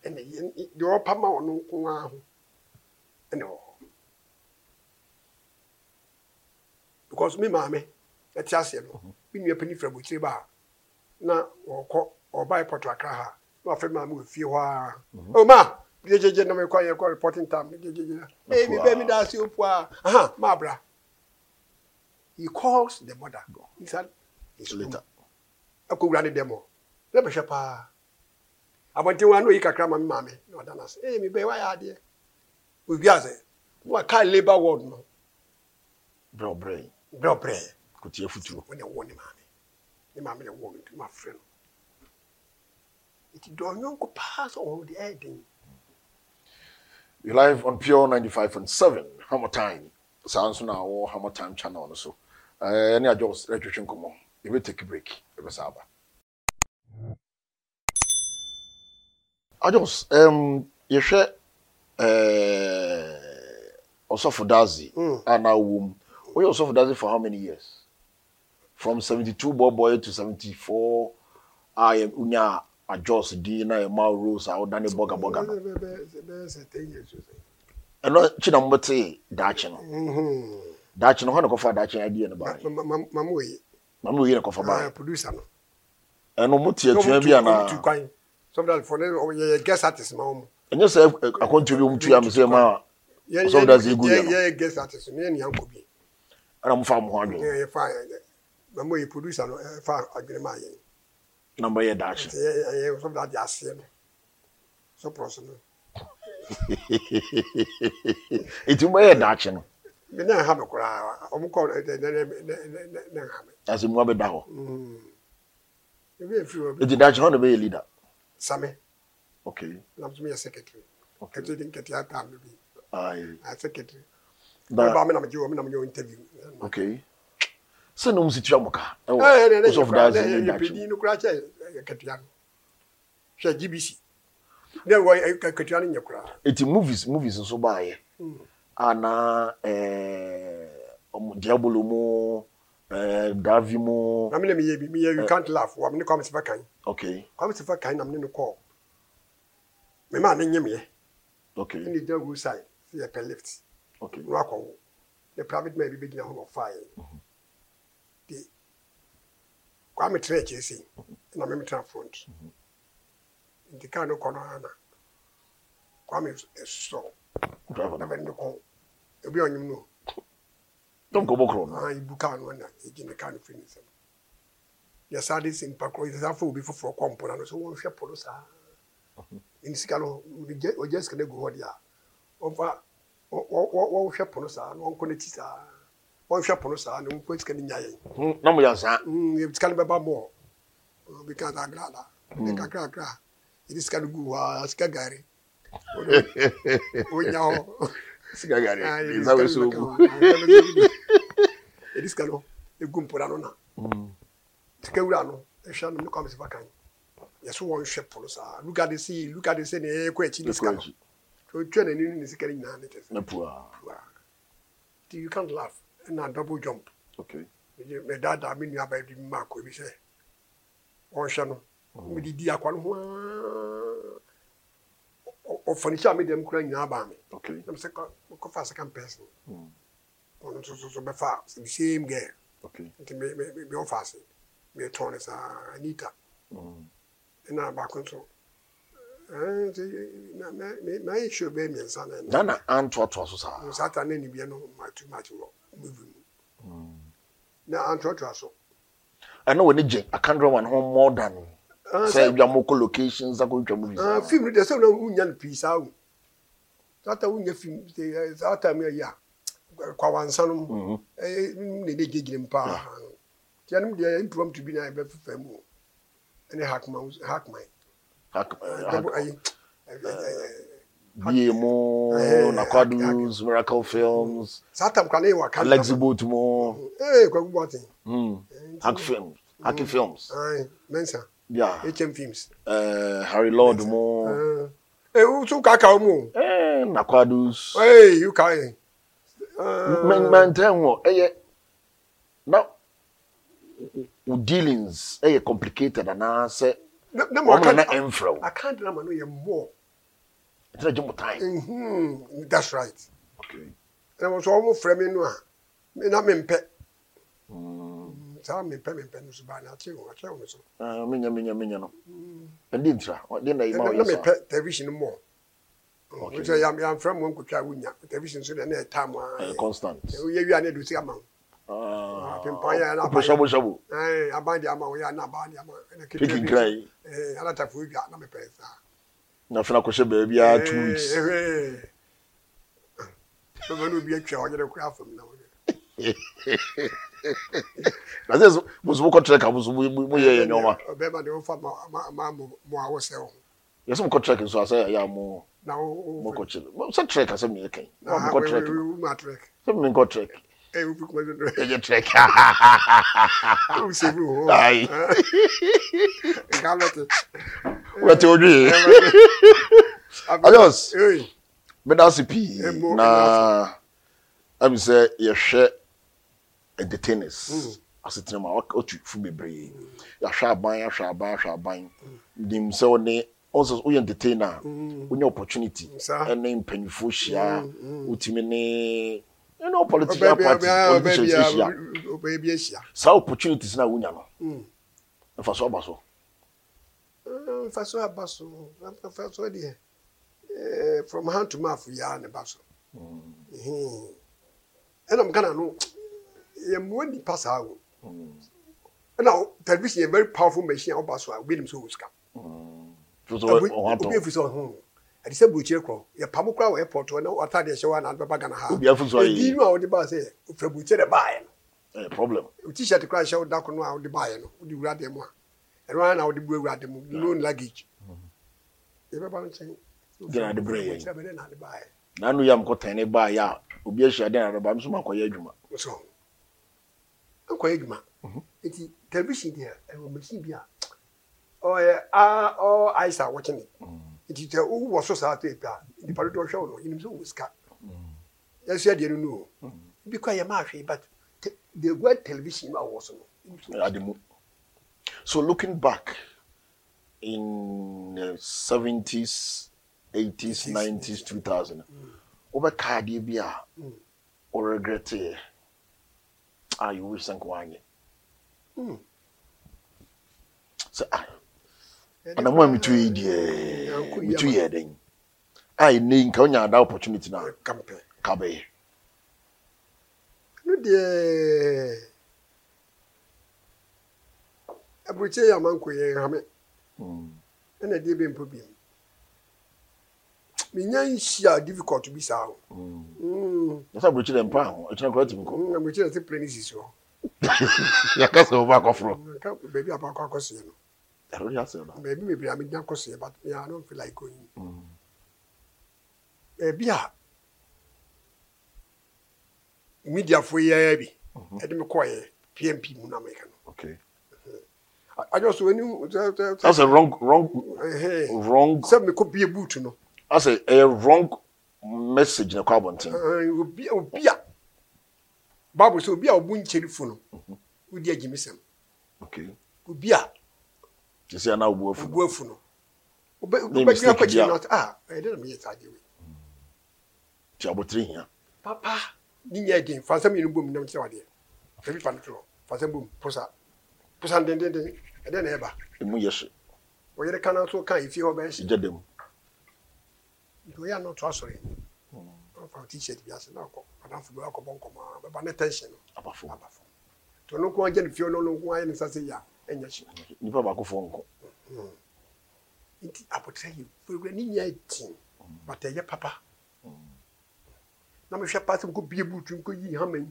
ɛnna yɛ deɛ ɔpama ɔno nko ho ɛnna ɔhɔ because mi maame ɛte aseɛ no mi mhm. nua panyin fira bɔkyire ba na ɔkɔ ɔbaa ɛpɔtɔ akra ha na wafɛ maame wɔ fie hɔ ara ɔmaa. Mhm. Oh, gyegyegye na mekɔ yɛ kɔ reporting time no gyegyegye ebi bɛ mi daase o pua aha maa bra he calls the mother he said it's later akowura ne dɛm o ne bɛ hwɛ paa abɔnten wa n'oyi kakra ma mi maa mi na ɔda na se ee mi bɛ wa yɛ adeɛ obi ase wa kaa labour ward no brɛbrɛ brɛbrɛ kò tiɛ futuro wɔn na wɔ ne maa mi ne maa mi na wɔ mi tuma fɛ no eti dɔnyɔnko paa sɛ ɔwɔ de ɛyɛ den you live on pure and 95.7 hammer time Sounds now. na awɔ hammer time channel no so ɛɛ ne come on. nkɔmɔ ebi take a break ebi saa ba. adjɔs ɛm Uh. Eh, also for dazi hmm. a ah, na awo We also for dazi for how many years from seventy two boy bɔ to seventy four a yɛ nyaa adjust di na ɛma rules a ɔdane bɔga bɔga no ɛno kyi na mobɛte daakye no daakye no hɔ ne kɔfa daakye adeɛ no baa mama oyi ne kɔfa baa ɛno mote atua bi anaa ɛnyɛ sɛ akɔntu bi mtua me sɛ ma ɔsɔfda sɛ ɛgu yɛ no ɛna mofa mo ho adwene na mɔyɛ daakye ɛyɛ sɔfo ade aseɛ no so prɔso no nti mɔyɛ daakye no bi na ha me koraa ɔmo kɔ na ha me ase mu abɛda hɔ mm. ebi efi hɔ bi nti daakye hɔ na bɛyɛ leader same okay na mo yɛ secretary kete di nkete ata mi bi ayi secretary ba ba mi na mo gye wɔ mi na mo yɛ interview okay sɛ na mu si tua mɔka ɛwɔ ɔsɔfodayɛpɛdin no koraa kyɛ katua no hwɛ gbc na movies movies nso baayɛ ana diabolo mu davi mu na mene meyɛ you can't laugh wa mene kwame sefa okay kwame sefa kan na mene no kɔɔ mema ne nyemeɛ okay ɛne da roadside sɛ yɛpɛ lift okay no akɔwo ne private man bi bɛgyina hɔ na ɔfaeɛ kwame tena akyire sei na meme tena front nti kaa no kɔ e e e no ana kwame ɛsɔ dɔbɛ ne kɔ ebi a ɔnyim no ibu kaa no ana ɛgye ne kaa no firi ne nsɛm yɛsaa de sɛ mpa korɔ yɛsaa fa obi foforɔ kɔ mpo na no sɛ wɔnhwɛ po no saa nti sika no ɔgya sika no agu hɔ deɛ a ɔmfa wɔnhwɛ po no saa na ɔnkɔ n'akyi saa wɔnhwɛ pono saa ne nkɔ sika no nya yɛn hmm, na moyɛ saa hmm, sika no bɛba mmɔɔ obi ka agrada ne hmm. kakrakra yɛde sika no gu hɔ a sika gare wonya hɔ sika gare ɛsa wɛ so gu yɛde sika no ɛgu mpora no na sika wura no ɛhwɛ no ne kɔ amesifa kan yɛso wɔnhwɛ pono saa luka de sei luka de sɛ ne ɛyɛkɔ akyi ne sika no ɔtwa n'ani ne ne sika no ne tɛ sɛ you can't laugh na double jump okay. me daadaa me nua baabi mu maakɔ bi sɛ ɔnhwɛ no medidi akwa no hoaa ɔfanikyɛ a medɛm kora nyinaa baa me nam sɛ kɔfa second person hmm. ɔno nso so so bɛfa the same girl nti me ɔfa ase metɔn no saa anita ɛna hmm. baako nso mayɛ hyɛ bɛɛ mmiɛnsa nana antoatoa so saa sata ne nibia no matu matu wɔ bɛfiri mu na antrɔtrɔ so ɛna wɔn ani gye akandra wɔn ho more than ah, sɛ edwa mu kɔ locations akɔ ntwa mu visa ah, fim no deɛ sɛ wɔn wunya no pii saa o saata wunya fim saa time eh, yɛ yia kwawansa no mu ɛyɛ mhm. eh, na ne gyegyere mu paa tia no mu deɛ ntuwam tu bi na ɛbɛ fɛfɛ mu ɛne hakman hakman hakman eh, ɛyi. BMO, hey, Nakwadus, Miracle Films. Satam Kale Wakanda. Alex Botumo. thing. Mm. Films. Hack Films. Aye, Mensa. Yeah. HM Films. Eh, Harry Lord Mensa. mo. Uh, eh, utu kaka mo. Eh, Hey, you kai. Uh, men men ten wo. Eh, Now, o dealings eh complicated and I say. Na, na, na, na, na, na, na, ɛtina gye mo tan. that's right ɛna wɔn sɔ wɔn fira mi nu a mi na mi mpɛ mm. mm, saa mi mpɛ mi mpɛ no so baa na akyɛ wɔn akyɛ wɔn so. mi nya mi nya mi nya no ɛdi ntira ɛdi na yi ma ɔyɛ saa ɛna mi pɛ television mu o nti yam yam fira mu nkotwa awo nya television so na ɛna ɛta mu aa constant ɛyɛ wia na edu si ama o. pimpan yɛ na aban de ama o yɛ na aban de ama o na afei na akɔhyɛ baabi a two eh, weeks. Eh, eh. bɛma no obi atwa ɔnyere kora afam na wɔnyere. na sɛ musumu kɔtrɛ ka musumu mu yɛ yɛ ma bɛma de wofa ma ma mo awɔ sɛ wo. yɛ sɛ mo kɔtrɛ nso asɛ yɛ mo na wo mo kɔtrɛ sɛ trɛ ka sɛ mi yɛ kɛn mo kɔ trɛ kɛn sɛ mi kɔ trɛ kɛn. o we put my your trick. I'm saying, oh, I got it wɛte wo dwee adios meda ase pii na ɛbi sɛ yɛhwɛ entertainers hmm. asetena mu a ɔtu fo bebree yɛahwɛ aban ahwɛ aban ahwɛ aban nim sɛ wɔne also woyɛ entertainer wonya hmm. opportunity ɛne mpanyinfoɔ hyia wotumi hmm, ne ɛne political party politicians hyia saa opportunities na wonya no ɛfa so aba so mfa so aba so mfa so deɛ eh, from hand to mouth yɛa ne ba so mm. ɛnam ghana no yɛmmoa nnipa saa wo mm. ɛna television yɛ very powerful machine a woba so a wobinim sɛ ɔwɔ sika mm. obi afi sɛ ho ɛde sɛ burokyire korɔ yɛpamo koraa wɔ airport hɔ na atade ɛhyɛ wɔ anaade bɛba ghana haɛyi no a wode baa sɛ ɔfira burokyire dɛ baayɛ no eh, problem wo t-shirt koraa hyɛ wo da ko no a wode baayɛ no wode wura deɛ mu a ɛno ara na wɔde bu awurade mu loan luggage mm-hmm. yɛbɛba no nkyɛn gyina de berɛ yɛ nanu yam kɔtɛn ne baa yɛ a obi ahyia den adaba nso ma kɔyɛ adwuma so nkɔyɛ adwuma mm-hmm. nti television deɛ ɛwɔ machine bi a ɔyɛ a ɔɔ ice a wɔkye ne mm-hmm. nti sɛ wowɔ so saa to epi a nipa dodo ɔhwɛ wo no yɛnim sɛ wowɔ sika yɛsua deɛ no nu o bi kɔ yɛ maa hwee but the word television ma wɔ so no ademu So looking back in the 70s, 80s, 90s, 2000, over Cardi Bia mm. or regret it. Ah, you wish Sankwanye. Mm. So, ah, and I'm going to eat you two year then. I need to Konya that opportunity now. Come come here, Kabe. No, dear abirikyi yɛ amanko yɛ nhame hmm. ɛna deɛ bɛ mpo biem menya nhyia difficult bi saa ho hmm. hmm. yɛsɛ abirikyi dɛ mpa ho ɛkyina kora timi kɔ abirikyi dɛ sɛ plane si so yɛka sɛ wobɔ akɔforɔ baabi a bakɔ akɔseɛ no baabi bebree a menya kɔseɛ but yeah, I don't feel like going baabi a mediafoɔ yɛa bi mhm. ɛde me kɔɔyɛ pmp mu no amɛka no adwọ so wani. that's a wrong wrong wrong. sẹ mi kò a boot you know. that's a a wrong message in kọ abọnten. obi obi a baabu sẹ be, a ọbu nkyẹn fo no o di ẹjẹ mi sẹm. obi a. kì í sẹ aná obu efu no obu efu no ọbẹ ọbẹ gyina pẹ kyerẹ ah I eh, dẹ́nà mean yẹ sáadé wei. Mm. ti abotire hìá. papa ni nyẹ den fansẹ boom, ni bomu nam kyerẹ wa deɛ ebi fa ne posa kusan dendenden ɛdɛ na ɛba emu yɛ hye o yɛrɛ na nso kan efie hɔ bɛn hye gya dɛm nti o yɛ anɔ to asɔre hmm. ɔfa o t-shirt bi ase na ɔkɔ madamfo bi ɔkɔ bɔ nkɔmɔ bɛba ne tension no abafo abafo to no kɔn agya ne fie no no kɔn ayɛ ne nsa se yia ɛnyɛ hye nipa baako fɔ nkɔ hmm. nti abotire yi furugura ne nyɛ tin hmm. bata ɛyɛ papa na mehwɛ paase mu ko bie buutu nko yi hama yi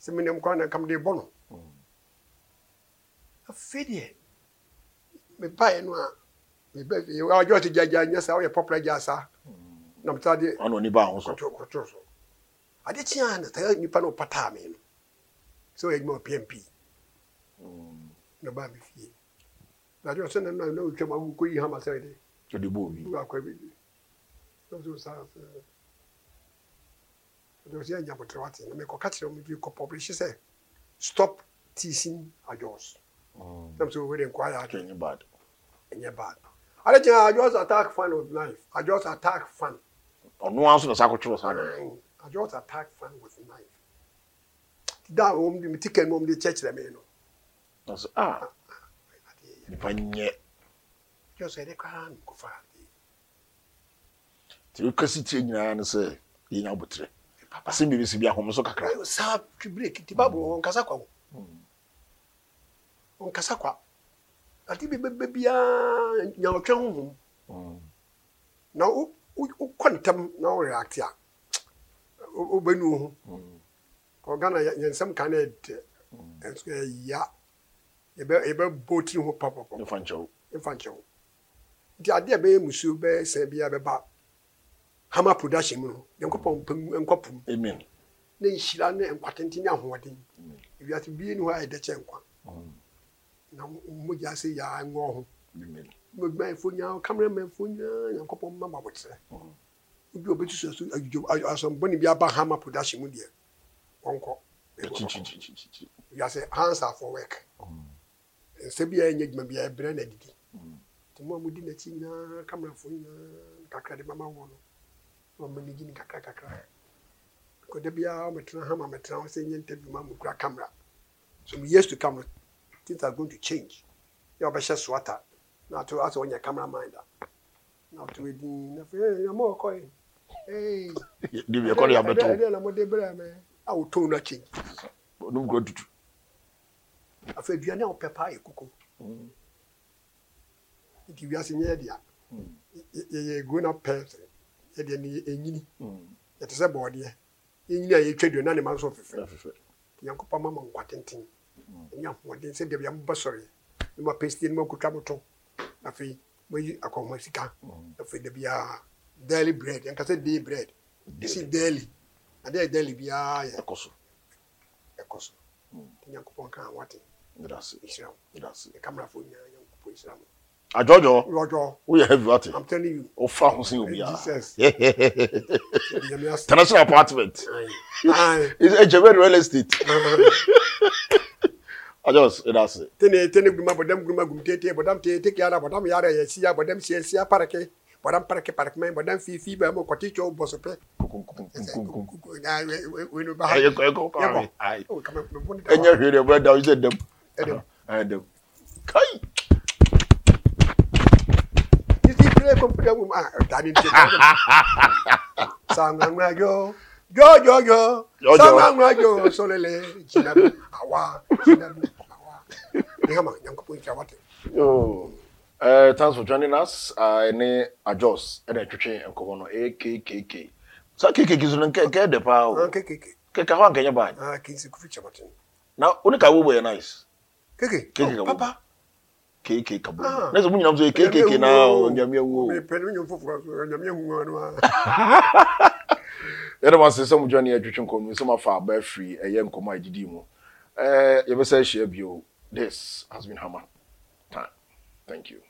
sɛ menam kwan na kam de afei deɛ mebaeɛ no a meba fie ɔdwɛ te gyagya nyɛ saa woyɛ pɔpra gya saa na metade kɔtoro so ade kyea na saa nnipa no ɔpataa me no sɛ ɔyɛ adwuma ɔpmp na baa me fie na deɛ ɔsɛ na na ɔtwam awo kɔyi hama sɛ de ɔde bɔ bi akɔ bi na ɔsɛ saa ɔde ɔsɛ anya botere wate na mekɔka kyerɛ ɔmo bi kɔ pɔbrɛhye sɛ stop teasing adwɔs Mm. Some people will inquire at any bad. Any bad. Ade kyɛn mm. I just attack fan with knife. I ah. Ah, ah, just attack fan. Ɔno ara nso na sa akɔtwerɛ saa I just attack fan with knife. Da a wɔn de mi ticket mu wɔn church, kyerɛkyerɛ mi no. Na so ah nipa nyɛ. Just ɛde koraa mi kɔ fa. Tí o kasi tie nyinaa ni sɛ yɛn abotire. Asɛm bi bi si bi ahom so kakra. Saa bire kiti baabu wɔn kasa kɔ nkasa kwa ade bi bɛbɛ biara nyawɔtwe honhom mm. na wokɔ ntɛm na wo react a wobɛnu ho mm. ɔghana yɛnsɛm ka no ɛdɛ mm. ɛnso ɛya yɛbɛbɔ tiri ho papapɔ mfa nkyɛwo nti ade a bɛyɛ musuo bɛyɛ sɛ biara bɛba hama production mu no nyankopɔn mpam nkɔpom ne nhyira ne nkwatenten ne ahoɔden ewiase bie ni hɔ a yɛdɛ nkwa na wɔn gya ase yɛ aŋɔ ho mɛgbɛnfo nyinaa kameramenfo nyinaa nyankopɔn mma ma wɔkyerɛ obi a obetu so adwudwo asɔmbɔni bi aba hama production mu deɛ wɔnkɔ yasɛ hands are for work nsɛ bi a ɛnyɛ dwuma bi a ɛbrɛ na didi nti mu a mu di n'akyi nyinaa kamerafo nyinaa kakra de mama wɔn no na ɔmo anigyi ne kakra kakra kɔda biara ɔmo tena hama ɔmo tena hɔ sɛ nyɛ ntɛ dwuma mu kura kamera so mu years to come things are going to change yɛ ɔbɛhyɛ sweater na ato asɛ ɔnyɛ cameraman da na ɔto edin na fɛ ɛɛ ɛmɔ ɔkɔ yi ɛɛ ɛdɛ ɛdɛ ɛdɛ ɛdɛ na mo de bere mɛ a o tone na change. ɔnum kura tutu. afɛ aduane a ɔpɛ paa yɛ koko nti wiase nyɛ ɛdia yɛyɛ grown up pɛs ɛdeɛ no ɛnyini yɛte sɛ bɔɔdeɛ ɛnyini a yɛtwa aduane na ne ma nso fɛfɛ nyankopɔn ma ma nkwatenten ɛnyɛ ahoɔden sɛdeɛ bia mobɛ sɔre ne mapɛsidie no makɔtwa moto afei mayi akɔma sika afei da biaa daily bread yɛnka sɛ day bread ɛsi daily adeɛ daily biaa yɛ ɛkɔ so ɛkɔ so nyankopɔn ka wate ɛhyira wo kamerafoɔ nyinaa nyankopɔn Israel, mo Àjọjọ. Lọ́jọ́. Ó yẹ heavy water. I'm telling you. o fa ahun o omi ah. Jesus. International apartment. Ẹ jẹ bẹ́ẹ̀ ni real estate ajos idasi tene tene guma bodam guma gum tete bodam tete kyara bodam yara ya siya bodam siya siya parake bodam parake parake mai bodam fi fi ba mo kwati cho bosope wenu ba ha yeko yeko ka ai enya hwere bra da uje dem edem edem kai isi pre computer wum ah tani te sanga ngayo yo yo yo sanga ngayo solele jinabu awa jinabu Nehama nyankopɔn kyia wate thanks for joining us ɛne ajos ɛna ɛtwetwe nkɔmmɔ no ɛyɛ eh, kkk saa kkk so no nkɛkɛ dɛ paa o kkk kɛka hɔ ankɛnyɛ baa kinsi kofi kyɛ wate na wone ka wobɔ yɛ nice kkk kkk papa keke kabo ah. na sɛ munyinam so yɛ kekeke na onyame awu ɛne ma se sɛ modwane yɛatwetwe nkɔmmɔ mu sɛ mafa aba afiri ɛyɛ eh, nkɔmɔ a ɛdidi mu yɛbɛsɛ ahyia bio This has been Hammer Time. Thank you.